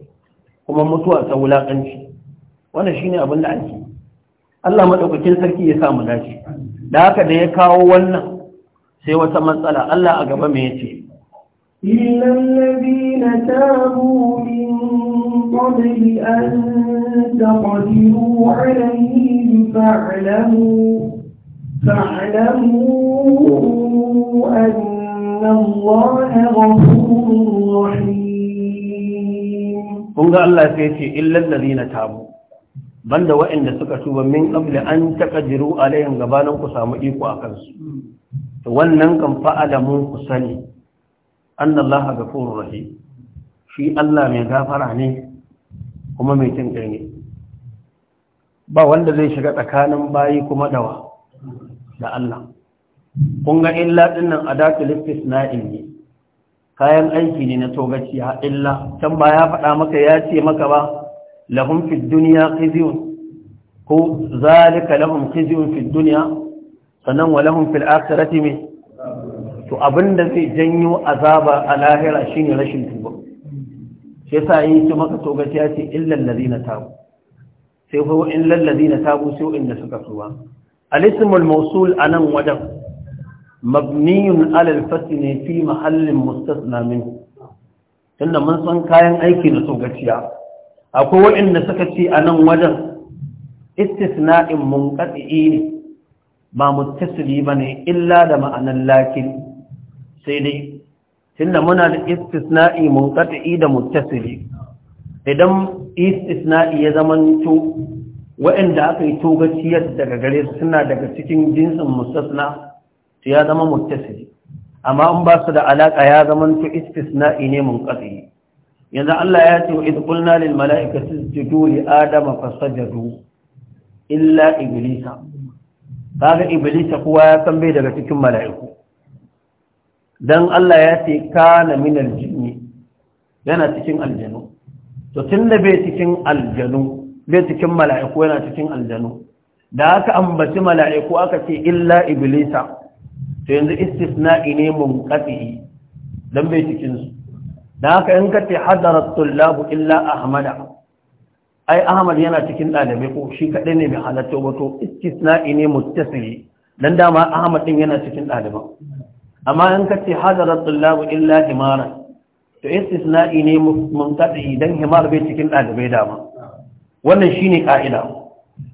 kuma mutuwa ta wulaƙanci wannan ne abin da ake Allah maɗaukakin sarki ya sa mu dace da haka da ya kawo wannan sai wata matsala Allah a gaba mu yace innal ladina tabu min qabli an taqdiru alayhi fa'lamu fa'lamu an Allah ghafurur rahim Allah sai ce illal ladina tabu banda waɗanda suka tuba min qabla an taqdiru alaihim gabanin ku samu iko a kansu to wannan kan mun ku sani annallaha ghafurur rahim shi Allah mai gafara ne kuma mai cin kai ba wanda zai shiga tsakanin bayi kuma dawa da Allah kun ga illa dinnan adatul istisna'in ne kayan aiki ne na togaci ha illa can ba ya faɗa maka ya ce maka ba lahum fi dunya khizyun ko zalika lahum khizyun fi dunya sannan wa lahum fil akhirati to abinda zai janyo azaba a lahira shine rashin tuba shi yasa yi maka to gaciya ce illal ladina sai ko illal ladina tabu suka tuba al-ismu al-mawsul anan wadan مبني على الفتن في محل مستثنى منه tunda mun san kayan aiki na so akwai waɗanda suka ce a nan wajen istisna'in munqati ne ba ba ne, illa da ma'anar lakin sai dai da muna da istisna'i munqati da muttasili idan istisna'i ya to waɗanda aka yi togaciyar daga gare su suna daga cikin jinsin su ya zama mutasiri amma in ba su da alaƙa ya zamanto istisna'i ne mun munqati yanzu Allah ya ce wa idh qulna lil mala'ikati isjudu li adama fasajadu illa iblisa kaga iblisa kuwa ya san bai daga cikin mala'iku dan Allah ya ce kana min aljinni yana cikin aljanu to da bai cikin aljanu bai cikin mala'iku yana cikin aljanu da aka ambaci mala'iku aka ce illa iblisa to yanzu istisna'i ne mun kafi don bai cikinsu da haka in kace hadarat tullabu illa ahmada ai ahmad yana cikin dalibai ko shi kadai ne mai halatta wato istisna'i ne muttasili dan dama ahmad din yana cikin ɗaliban. amma in kace hadarat tullabu illa himara to istisna'i ne munqati dan himar bai cikin dalibai dama wannan shine ka'ida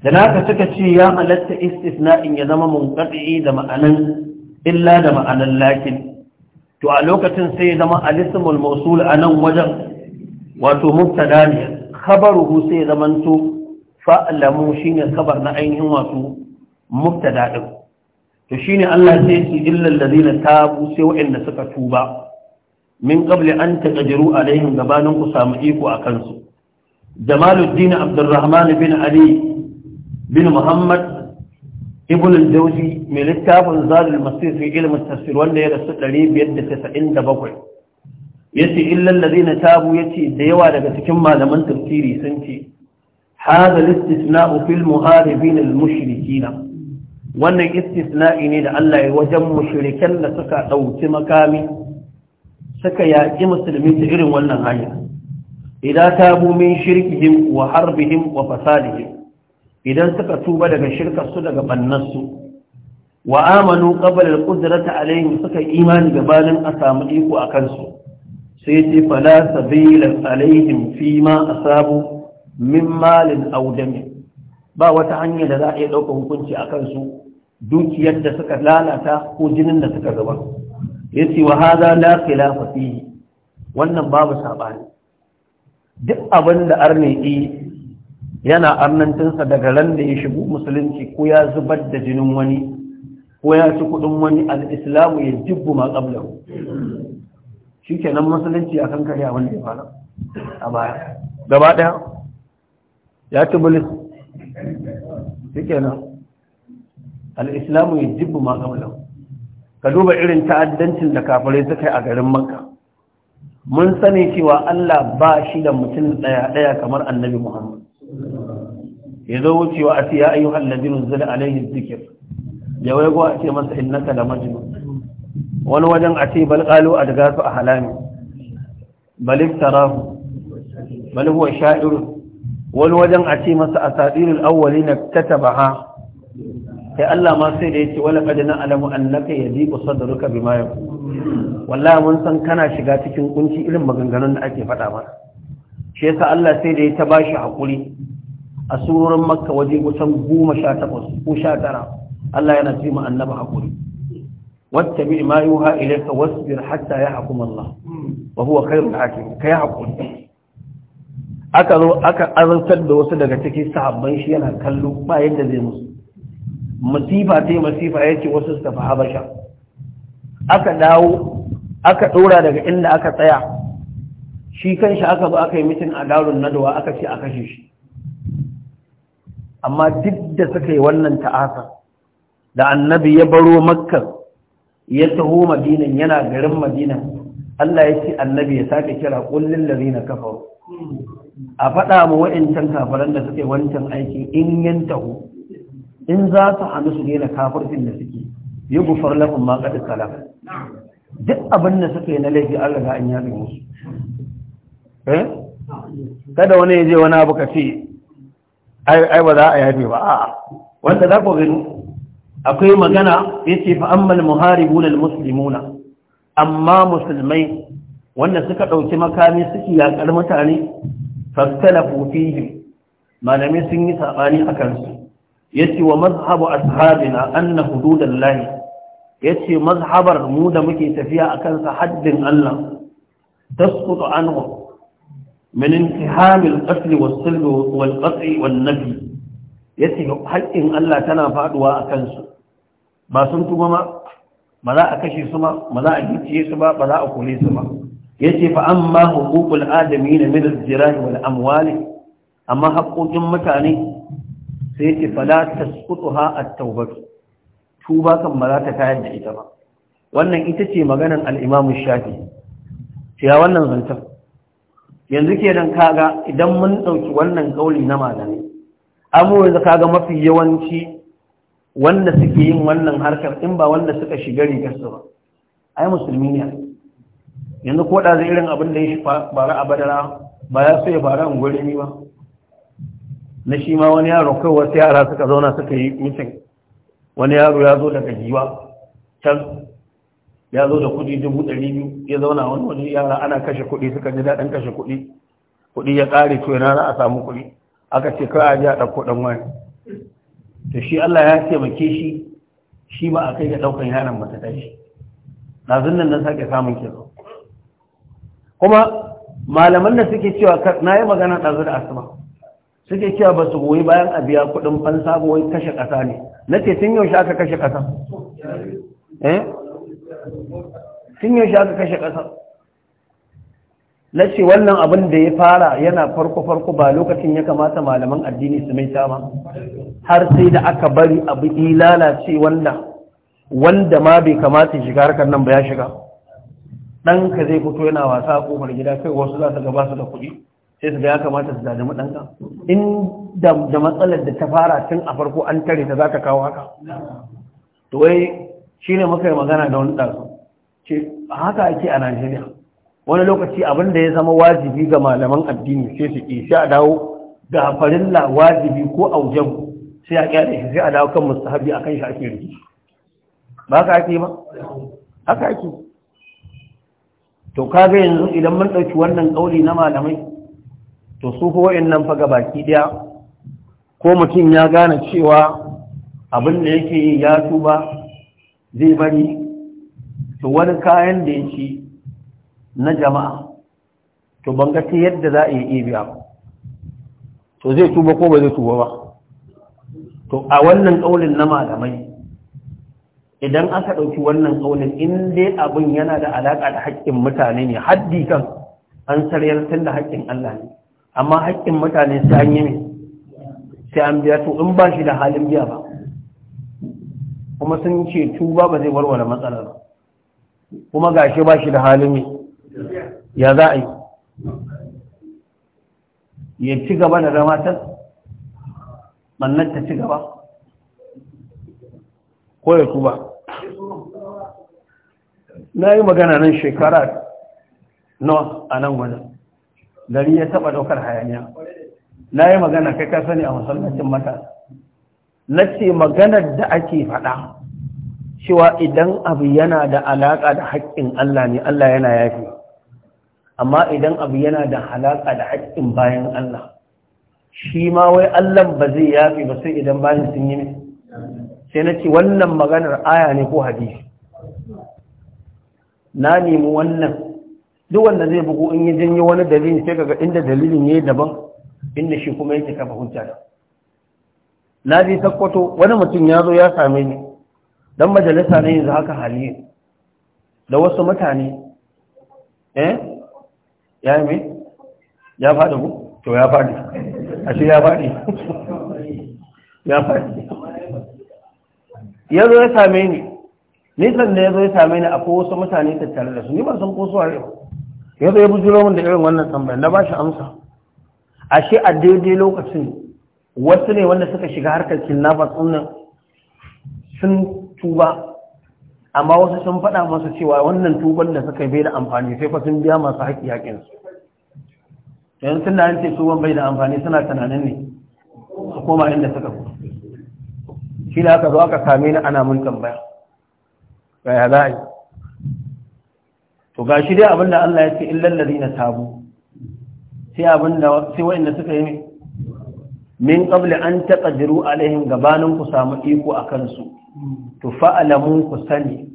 Da haka suka ce ya halatta istisna'in ya zama munqati da ma'anan illa da ma'anan lakin to a lokacin sai zama alisimul mausul a nan wajen wato mubtada ne khabaruhu sai zaman to fa'lamu shine khabar na ainihin wato mubtada daɗin. to shine Allah sai ya illal ladina ta sai waɗanda suka tuba min ƙabli an taqdiru alaihim gabanin ku samu iko a kansu. Jamaluddin Abdulrahman bin Ali bin Muhammad ibn al-jawzi mai littafin zalil masir fi ilmin tafsir wanda ya rasu 597 yace illal ladina tabu yace da yawa daga cikin malaman tafsiri sun ce hadha istisnau fil muharibin al-mushrikin wannan istisna'i ne da Allah ya wajen mushrikan da suka dauki makami suka yaƙi musulmi ta irin wannan hanya idan tabu min shirkihim wa harbihim wa fasadihim idan suka tuba daga shirkarsu daga bannansu wa amanu ƙabalar al-qudrati alaihim suka imani gabanin a samu iko a kansu sai ce fala sabila alaihim fi ma asabu min malin aw ba wata hanya da za a iya ɗaukar hukunci a kansu dukiyar da suka lalata ko jinin da suka gaba yace wa hadha la khilafa fihi wannan babu saɓani, duk abin da arne yana arnantinsa daga ran da ya shigo musulunci ko ya zubar da jinin wani ko ya ci kudin wani al’islamu ya jibbu ma ke shikenan musulunci akan kan abin da ya fara a baya gaba daya ya ci bulis shikenan nan al’islamu ya jibbu ma qablahu ka duba irin ta'addancin da kafirai suka yi a garin makka mun sani cewa Allah ba shi da mutum ɗaya-ɗaya kamar annabi Muhammad ya zo wucewa a ce ya ayyu hallazi nuzila alaihi zikir ya waigo a ce masa innaka da majnun wani wajen a ce bal daga su a halami bal iftarahu bal huwa sha'ir wani wajen a ce masa asatirul awwalina katabaha sai Allah ma sai da yace wala qad na'lamu annaka yadiqu sadruka bima yaqul wallahi mun san kana shiga cikin kunci irin maganganun da ake faɗa maka shi yasa Allah sai da ya ta bashi hakuri a surorin makka waje kusan goma sha takwas ko sha tara Allah yana ce ma annaba haƙuri wata bi ma yi wuha ilaika wasbir hatta ya haƙum Allah wa huwa khairul hakim ka ya haƙuri aka zo aka azantar da wasu daga cikin sahabban shi yana kallo ba yadda zai musu masifa ta yi masifa ya ce wasu suka fi habasha aka dawo aka ɗora daga inda aka tsaya shi kan shi aka zo aka yi mitin a darun nadawa aka ce a kashe shi amma duk da suka yi wannan ta'asa da annabi ya baro makka ya taho madinan yana garin madinan Allah ya ce annabi ya sake kira kullun ladina kafaru a faɗa mu wa'ancan kafaran da suke wancan aikin in taho, in za su hannu su daina kafircin da suke yi gufar lafin ma ƙaɗi kala. duk abin da suka yi na laifi Allah ga an yaɗa musu eh? kada wani ya je wani abu ka ce ai ba za a yafe ba a'a wanda za ku gani akwai magana yace fa ammal muharibuna musulmuna. amma musulmai wanda suka ɗauki makami suke yakar mutane fastalafu fihi malamai sun yi a kansu. Ya ce wa mazhabu ashabina anna Ya yace mazhabar mu da muke tafiya a kansa haddin Allah tasqutu anhu min intiham al-qatl was-sulb wal-qatl wan-nafi yace haƙƙin Allah tana faduwa a kansu. ba sun tuba ma ba za a kashe su ma ba za a gicciye su ba ba za a kore su ba yace fa amma huququl adamin min az-zira'i wal amwali amma haƙoƙin mutane sai yace fala tasqutuha at-tawbah tuba kan ba za ta kayar da ita ba wannan ita ce maganar al-imam shafi ya wannan zantar yanzu ke kenan kaga idan mun ɗauki wannan ƙauli na malamai amma yanzu kaga mafi yawanci wanda suke yin wannan harkar in ba wanda suka shiga rigarsu ba ai musulmi ne yanzu ko da zai irin abin da ya faru a badara ba ya so ya faru a ba na shi ma wani yaro kai wasu yara suka zauna suka yi mutum wani yaro ya zo daga giwa can ya zo da kudi dubu ɗari biyu ya zauna wani waje yara ana kashe kuɗi suka ji daɗin kashe kuɗi kuɗi ya ƙare to yana a samu kuɗi aka ce kawai a ji a ɗauko ɗan wani to shi Allah ya taimake shi shi ba a kai ga ɗaukan yaran mata tashi ɗazun nan na sake samun kiro kuma malaman da suke cewa na yi magana ɗazu da asuba, suke cewa ba su goyi bayan a biya kuɗin fansa ba wai kashe ƙasa ne na ce tun yaushe aka kashe ƙasa eh tun yaushe shaka kashe ƙasar na ce wannan abin da ya fara yana farko-farko ba lokacin ya kamata malaman addini su mai sama. har sai da aka bari abu ilala ce wanda wanda ma bai kamata shiga harkar nan ba ya shiga ɗanka zai fito yana wasa a ƙofar gida kai wasu za su gaba su da kuɗi sai su ga ya kamata su zalimi ɗanka in da matsalar da ta fara tun a farko an tare ta za ka kawo haka to wai shi ne muka yi magana da wani ɗansu ce haka ake a najeriya wani lokaci abin da ya zama wajibi ga malaman addini sai su ƙi sai a dawo ga farilla wajibi ko aujen sai a kyale shi sai a dawo kan mustahabi a kan shi ake rikici ba ka ake ba haka ake to kaga yanzu idan mun ɗauki wannan ƙauli na malamai to su ko wa'annan faga baki ɗaya ko mutum ya gane cewa abin da yake yi ya tuba zai bari to wani kayan da ya ci na jama'a to ga ta yadda za a yi ibiya ba to zai tuba ko ba zai tuba ba to a wannan ƙaunin na malamai idan aka ɗauki wannan ƙaunin in dai abin yana da alaƙa da haƙƙin mutane ne haddi kan an saryantar da haƙƙin Allah ne amma haƙƙin mutane sai an yi sai an biya to in ba shi da halin biya ba kuma sun ce tuba ba zai warware matsalar ba kuma gashi ba shi da halin ya za a yi ya ci gaba da zama ta ta ci gaba ko ya tuba na yi magana nan shekara nawa a nan wajen gari ya taɓa ɗaukar hayaniya na yi magana kai ka sani a masallacin matasa na ce maganar da ake faɗa cewa idan abu yana da alaƙa da haƙƙin Allah ne Allah yana yafi amma idan abu yana da alaƙa da haƙƙin bayan Allah shi ma wai Allah ba zai yafi ba sai idan bayan sun yi sai na ce wannan maganar aya ne ko hadisi na nemi wannan duk wanda zai bugu in yi janyo wani dalilin sai kaga inda dalilin yi daban inda shi kuma yake kafa hujja da na ji sakkwato wani mutum ya zo ya same ni Don majalisa ne yanzu haka hali da wasu mutane eh ya yi ya faɗi ku to ya faɗi ashe ya faɗi ya faɗi ya zo ya same ni nisan da ya zo ya same ni akwai wasu mutane tattare da su ni ban san ko su ya zo ya bujiro min da irin wannan tambayar na ba shi amsa ashe a daidai lokacin wasu ne wanda suka shiga harkar kidnappers ɗin sun tuba amma wasu sun faɗa masu cewa wannan tuban da suka bai da amfani sai fa sun biya masu haƙi haƙinsu yanzu tun da ce tuban bai da amfani suna tunanin ne su koma inda suka ku shi da aka zo aka same ni ana mun tambaya ga ya za a yi to ga shi dai abin da Allah ya ce illal ladina tabu sai abinda sai wa'anda suka yi min qabli an taɓa jiru alaihim gabanin ku samu iko a kansu, to fa'alamu ku sani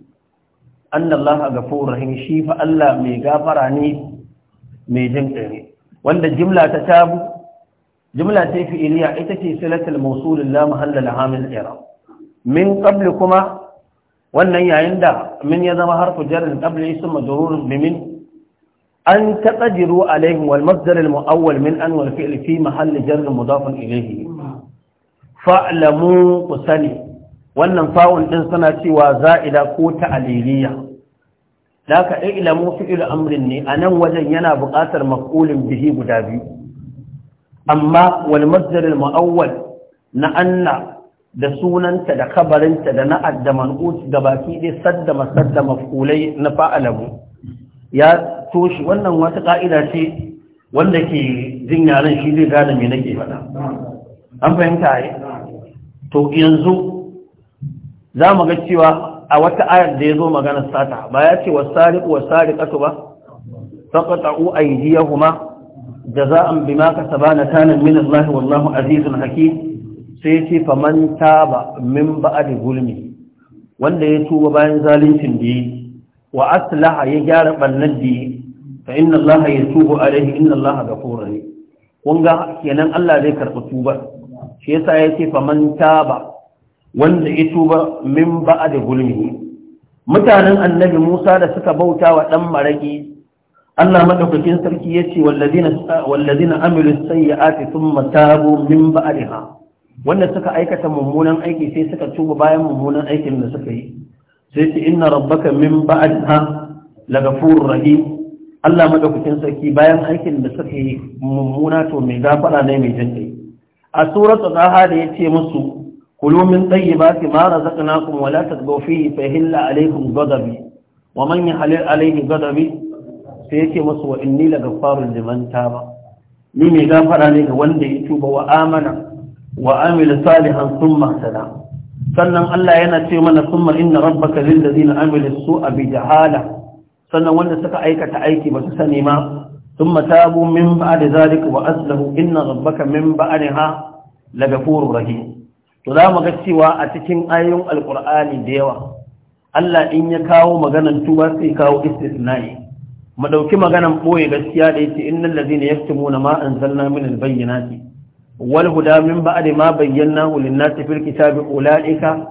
annallaha ga rahim shi fa Allah mai gafara ne mai jin kai wanda jimla ta tabu jimla ta fi'iliya ita ce silatul mawsul la mahalla laha min min qabli kuma wannan yayin da min ya zama harfu jar qabli ism majrur bi min an taɓa jiru a masdar al muawwal min an wal fi'l fi mahall jar mudaf ilayhi fa'lamu qusani wannan fa'un ɗin suna cewa za'ida ko ta'aliliya laka ilamu fi'l amrin ne anan wajen yana buƙatar maf'ulin bihi guda biyu amma wal masdar muawwal na anna da sunanta da kabarinta da na da man'ut da baki dai saddama masadda na fa'alamu ya toshi wannan wata ka'ida ce wanda ke jin yaren shi zai gane me nake faɗa an fahimta yi to yanzu za mu ga cewa a wata ayar da ya zo maganar sata ba ya ce wasariƙu wasariƙatu ba faƙaɗa'u aidiyahuma jaza'an bima kasabana kana min Allah wallahu azizun hakim sai ce faman taba min ba'di gulmi wanda ya tuba bayan zaluncin da yi wa aslaha ya gyara ɓannan da yi fa inna Allah yatubu alaihi inna Allah ghafurur rahim kun ga kenan Allah zai karɓi tubar shi yasa fa faman taba wanda ya tuba min ba'da gulmi mutanen annabi Musa da suka bauta wa dan maraki Allah madaukakin sarki yace walladina walladina amilu sayyiati thumma tabu min ba'daha wanda suka aikata mummunan aiki sai suka tuba bayan mummunan aikin da suka yi sai ce inna rabbaka min ba'daha lagafurur rahim Allah madaukakin sarki bayan aikin da suka yi mummuna to mai gafara ne mai jin dai a suratu zaha da yace musu kulu min tayyibati ma razaqnakum wa la tadghaw fihi fa hilla alaykum ghadabi wa man yahlil alayhi ghadabi sai yace musu wa inni la ghaffarun liman taba ni mai gafara ne ga wanda ya tuba wa amana wa amila salihan thumma ihtada sannan Allah yana ce mana thumma inna rabbaka lil ladina amilu su'a bi jahala sannan wanda suka aikata aiki ba su sani ma ثم تابوا من بعد ذلك وأسله إن ربك من بعدها لغفور رحيم to za mu ga cewa a cikin ayoyin alkur'ani da yawa Allah in ya kawo maganan tuba sai kawo istisna'i mu dauki maganan boye gaskiya da yace innal ladhina yaktumuna ma anzalna min albayyinati wal huda min ba'di ma bayyana lin-nasi fil kitabi ulaika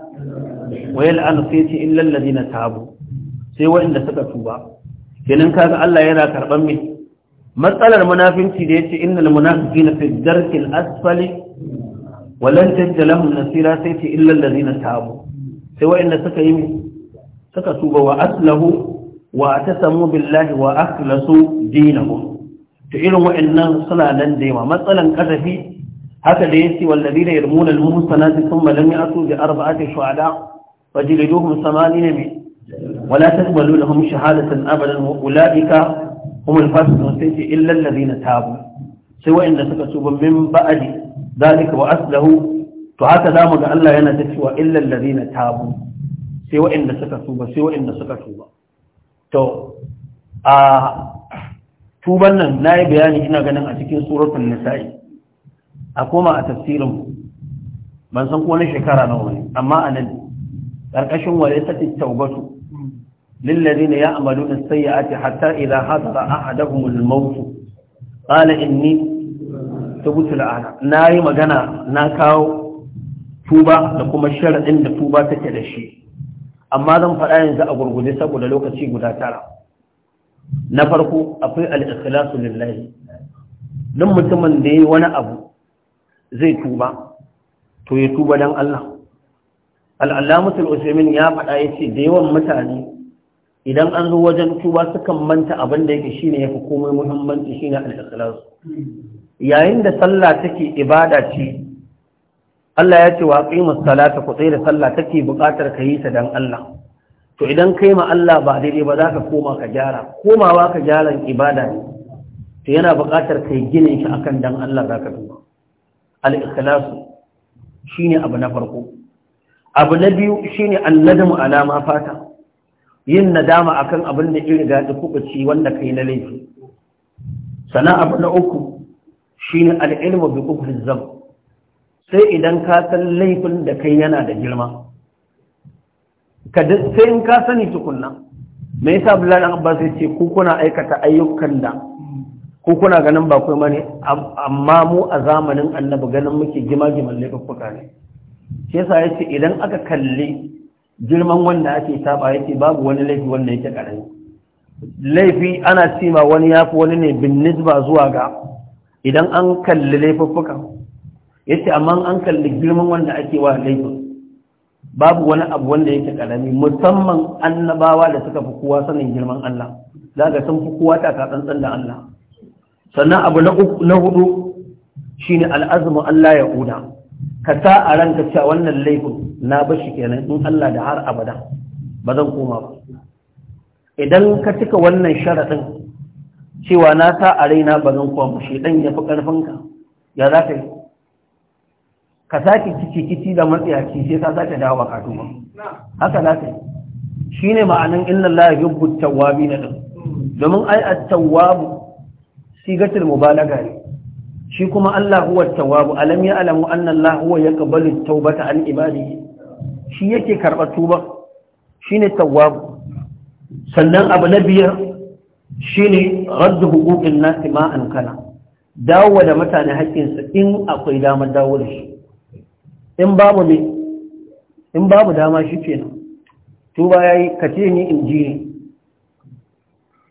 wa yal'anu sayti illa alladhina tabu sai waɗanda suka tuba kenan kaga Allah yana karɓar mai matsalar munafinci da yace innal munafiqina fi darkil asfali walan tajida lahum nasira sai ce illa allazina tabu sai waɗanda suka yi suka tuba wa aslahu wa atasamu billahi wa akhlasu dinahum to irin waɗannan suna nan da yawa matsalan kasafi haka da yace wallazina yarmuna almuhsanati thumma lam ya'tu bi arba'ati shuhada fajliduhum samanina min ولا تقبلوا لهم شهادة أبدا وأولئك هم الفاسقون سيتي إلا الذين تابوا سواء إن سكتوا من بعد ذلك وأسله فهكذا مدى الله ينتسوى إلا الذين تابوا سواء إن سكتوا سواء إن سكتوا تو آه tuban nan na yi bayani ina ganin a cikin tsoron nisa'i a koma a tafsirin ban san ko na shekara na wani amma a nan ƙarƙashin wale ta taubatu للذين يعملون السيئات حتى إذا حضر أحدهم الموت قال إني تبت الأعلى ناي مغانا ناكاو توبا لكم الشرع عند توبا تتلشي أما ذن فرآين ذا أقرب لسب ولا لوكتي قداتالا نفرق أقوي الإخلاص لله لما تمن دي وانا أبو زي توبا تو يتوبا لن الله العلامة الأسلمين يا فرآيتي ديوان متاني idan an zo wajen tuba sukan manta abin da yake ya fi komai muhimmanci shine al-ikhlas yayin da sallah take ibada ce Allah ya ce wa masu salata ku tsaya da sallah take buƙatar ka yi ta dan Allah to idan kai ma Allah ba daidai ba za ka koma ka gyara komawa ka gyaran ibada ne to yana buƙatar ka yi ginin shi akan dan Allah za ka duba al shi shine abu na farko abu na biyu shine alladin alama fata yin nadama akan abin da ya riga da kubuci wanda kai na laifi sana abu na uku shine al'ilmu bi kufri zam sai idan ka san laifin da kai yana da girma sai in ka sani tukunna me yasa Abdullahi Abba Abbas yace ku kuna aikata ayyukan da ku kuna ganin ba kai mane amma mu a zamanin Annabi ganin muke gima gima laifuka ne shi yasa yace idan aka kalli girman wanda ake saba yake babu wani laifi wanda yake karami laifi ana cima wani yafi wani ne bin nisba zuwa ga idan an kalli laifuffuka yace amma an kalli girman wanda ake wa laifi babu wani abu wanda yake karami musamman annabawa da suka fi kowa sanin girman Allah zaka sun fi kowa ta tsantsan da Allah sannan abu na hudu shine al'azmu Allah ya ƙuda ka sa a ranka cewa wannan laifin na bashi kenan in Allah da har abada ba zan koma ba idan ka cika wannan sharaɗin cewa na sa a raina ba zan koma shi dan ya fi ka ya za ka yi ka sake kici kici da matsayaci sai ka sake dawo ba katu ba haka za ka yi shi ne ma'anin in Allah yubbu tawwabi na ɗin domin ai a tawwabu sigatul mubalaga ne shi kuma Allah huwa tawwabu alam ya alamu anna Allah huwa yaqbalu tawbata an ibadihi shi yake karba tuba shine tawwabu sannan abu na biyar shine raddu huquqin nasi ma an kana dawo da mutane haƙƙinsu in akwai damar dawo da shi in babu ne in babu dama shi kenan tuba yayi kace ni in ji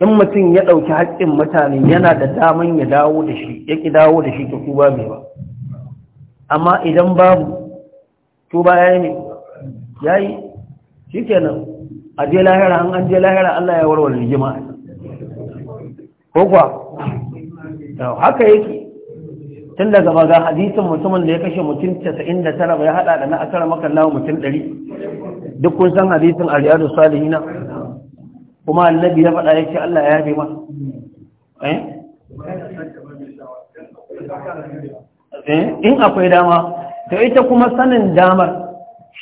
in mutum ya ɗauki haƙƙin mutane yana da daman ya dawo da shi ya ƙi dawo da shi ta tuba mai ba amma idan babu tuba ya yi ne ya yi shi kenan a je lahira an an je lahira Allah ya warware rigima ko kuwa haka yake tun daga ba ga hadisin mutumin da ya kashe mutum 99 ba ya haɗa da na asara makallahu mutum 100 duk kun san hadisin aliyadu salihina kuma annabi ya faɗa ya ce Allah ya yafe masa eh? Eh? in akwai dama to ita kuma sanin damar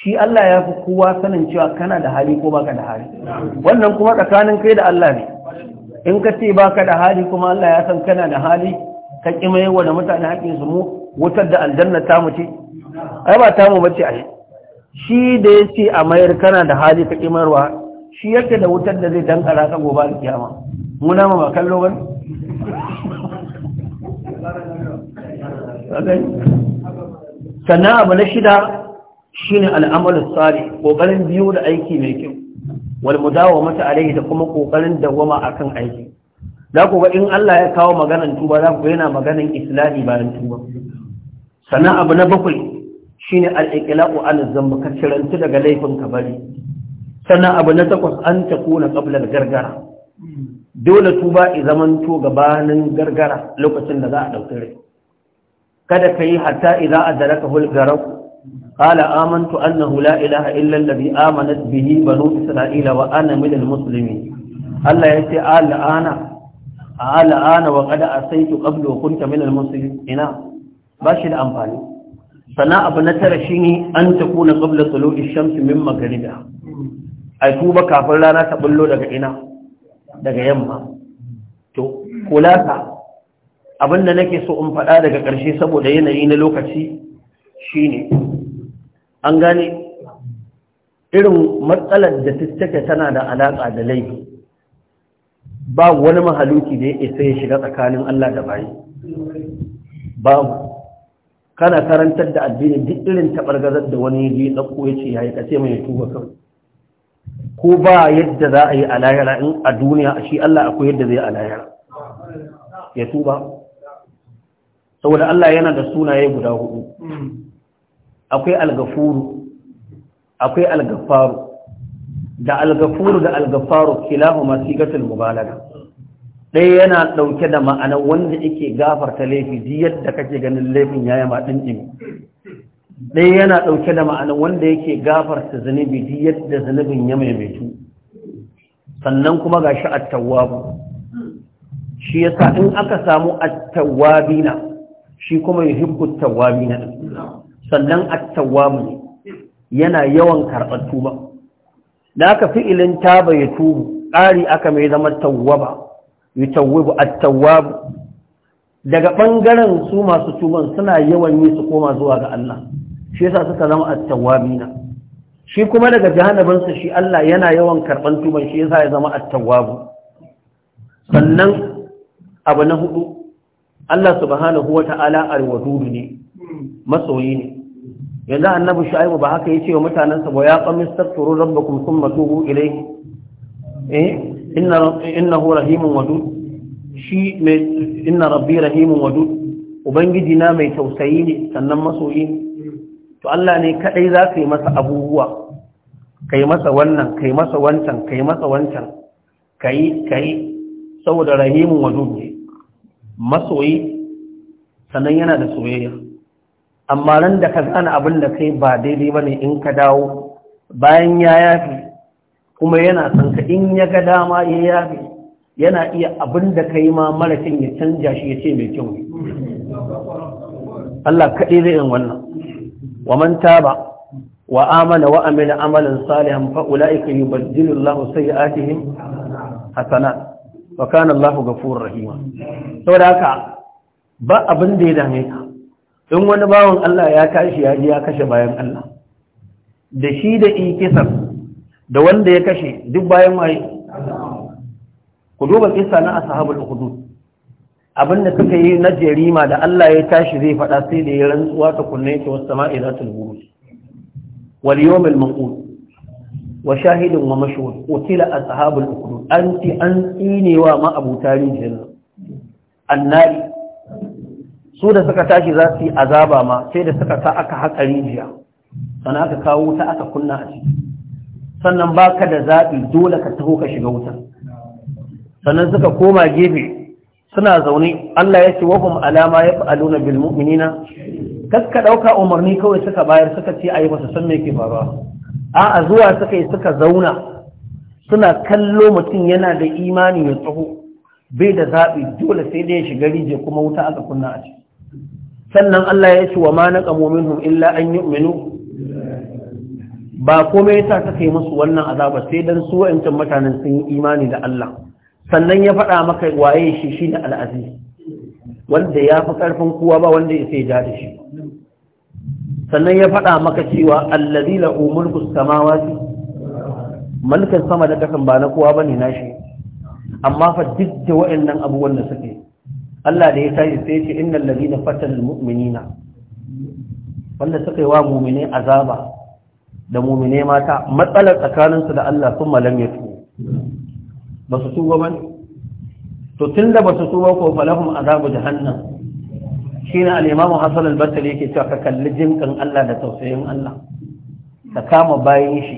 shi Allah ya fi kowa sanin cewa kana da hali ko baka da hali wannan kuma tsakanin kai da Allah ne in ka ce baka da hali kuma Allah ya san kana da hali ka kima yawa da mutane haƙin su mu wutar da aljanna ta mu ce ai ba ta mu bace ai shi da ce a mayar kana da hali ka kimarwa shi yake da wutar da zai dankara ka gobe da kiyama muna ma ba kallo ba sannan abu na shida ne al'amalu tsari ƙoƙarin biyu da aiki mai kyau dawo mata alaihi da kuma kokarin dawama akan aiki za ku ga in Allah ya kawo maganan tuba za ku yana maganin islami bayan tuba sannan abu na bakwai shine al-iqlaqu an dhanb ka daga laifin ka bari sannan abu na takwas an ta kuna ƙablar gargara dole tuba i zamanto gabanin gargara lokacin da za a ɗauki rai kada ka yi hatta idan a daraka hulgarar قال آمنت أنه لا إله إلا الذي آمنت به بنو إسرائيل وأنا من المسلمين الله يتي آل آنا آل آنا وقد أسيت قبل وكنت من المسلمين إنا باشد أنفالي سناء بنتر شيني أن تكون قبل طلوع الشمس من مغربها a tuba kafin rana ta bullo daga ina daga yamma to kulasa abinda nake so in faɗa daga ƙarshe saboda yanayi na lokaci shine an gane irin matsalar da tattake tana da alaƙa da laifi ba wani mahaluki da ya isa ya shiga tsakanin Allah da bayi babu kana karantar da addini duk irin tabargazar da wani ya ɗauko ya ce ya yi mai tuba kawai ko ba yadda za a yi a in a duniya shi Allah akwai yadda zai a ya tuba saboda Allah yana da sunaye guda hudu akwai algafuru akwai algafaru da algafuru da algafaru kilahu masigatul mubalaga ɗaya yana ɗauke da ma'ana wanda yake gafarta laifi ji yadda kake ganin laifin yayi ma ɗin ɗaya yana ɗauke da ma'anin wanda yake gafarta zunubi duk yadda zunubin ya maimaitu sannan kuma ga shi attawabu. shi yasa in aka samu attawabina, shi kuma yuhibbu attawabina. sannan attawwabu ne yana yawan karɓar tuba da aka fi'ilin taba ya tubu ƙari aka mai zama tawwaba yutawwibu attawabu. daga ɓangaren su masu tuban suna yawan yi su koma zuwa ga Allah shi yasa suka zama at-tawwabina shi kuma daga sa shi Allah yana yawan karban tuban shi yasa ya zama at-tawwabu sannan abu na hudu Allah subhanahu wata'ala al-wadud ne masoyi ne yanzu annabi shu'aibu ba haka yace wa mutanen sa ya qam istaghfiru rabbakum thumma tubu ilayhi eh inna innahu rahimun wadud shi mai inna rabbi rahimun wadud ubangiji na mai tausayi ne sannan masoyi ne to Allah ne kadai za ka yi masa abubuwa kai masa wannan kai masa wancan kai masa wancan kai kai saboda rahimin wadun ne masoyi sannan yana da soyayya amma ran da ka gane abin da kai ba daidai bane in ka dawo bayan ya yafi kuma yana san ka in ya ga dama ya yafi yana iya abin da kai ma marakin ya canja shi ya ce mai kyau ne Allah kaɗai zai yin wannan ومن تاب وآمن وأمن عملا صالحا فأولئك يبدل الله سيئاتهم حسنات وكان الله غفور رحيما saboda haka ba abin da ya dame ka in wani bawan Allah ya kashi, ya ji ya kashe bayan Allah da shi da ikisar da wanda ya kashe duk bayan waye ku duba kisa na ashabul hudud abin da suka yi na jerima da Allah ya tashi zai faɗa sai da ya rantsuwa ta kunne ta wasu sama'i za ta luburu wal yawmil maqul wa shahidin wa mashhur qutila ashabul ukhdud anti an tsinewa ma abu tarihin annari su da suka tashi za su yi azaba ma sai da suka sa aka haƙa rijiya sannan aka kawo wuta aka kunna a ciki sannan ba ka da zaɓi dole ka taho ka shiga wuta sannan suka koma gefe suna zaune Allah ya ce wa hum alama ya fa'aluna bil mu'minina kaska dauka umarni kawai suka bayar suka ce ayi masa san me yake faruwa a a zuwa suka suka zauna suna kallo mutum yana da imani ya tsaho bai da zaɓi dole sai dai ya shiga rije kuma wuta aka kunna a ciki sannan Allah ya ce wa ma qamu minhum illa an yu'minu ba komai yasa suka yi musu wannan azaba sai dan su wa'ancan mutanen sun yi imani da Allah sannan ya faɗa maka waye shi shi ne al’azi wanda ya fi ƙarfin kuwa ba wanda ya sai da shi sannan ya faɗa maka cewa allazi la umulku samawati mulkin sama da kasan ba na kuwa ba ne na shi. amma fa duk da waɗannan abubuwan da suke Allah da ya sai sai ce innal ladina fatal mu'minina wanda suka yi wa mu'mine azaba da mu'mine mata matsalar tsakaninsu da Allah sun malam ya ba su tuba ba to tun da ba su tuba ko falahum azabu jahannam shine al-imamu hasan al-basri yake cewa ka kalli jinkan Allah da tausayin Allah ka kama bayan shi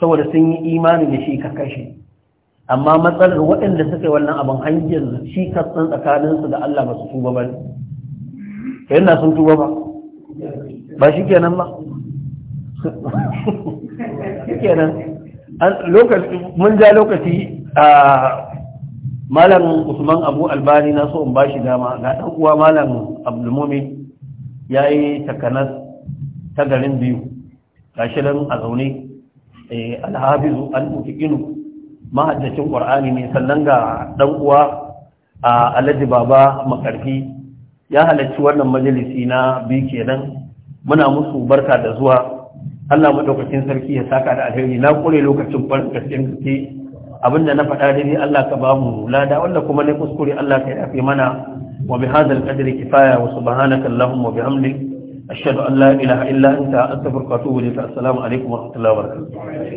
saboda sun yi imani da shi ka kashe amma matsalar waɗanda suka yi wannan abin hanyar shi kasan tsakaninsu da Allah ba su tuba ba ne. yana sun tuba ba ba shi kenan ba shi kenan mun ja lokaci a malam usman abu albani na so in ba shi dama ga ɗan uwa malam abdulmumin ya yi takanas ta garin biyu ga shirin a zaune e, alhafizu al-mutuqinu mahaddacin ƙwar'ani ne sannan ga ɗan uwa a alhaji baba makarfi ya halarci wannan majalisi na biyu kenan muna musu barka da zuwa Allah madaukakin sarki ya saka da alheri na kure lokacin farin gaskiyar gaske abinda na faɗa dai Allah ka bamu lada wanda kuma ne kuskure Allah ka yafe mana wa bi hadzal qadri kifaya wa subhanaka allahumma wa bihamdik ashhadu an la ilaha illa anta astaghfiruka wa atubu ilayk assalamu alaikum wa rahmatullahi wa barakatuh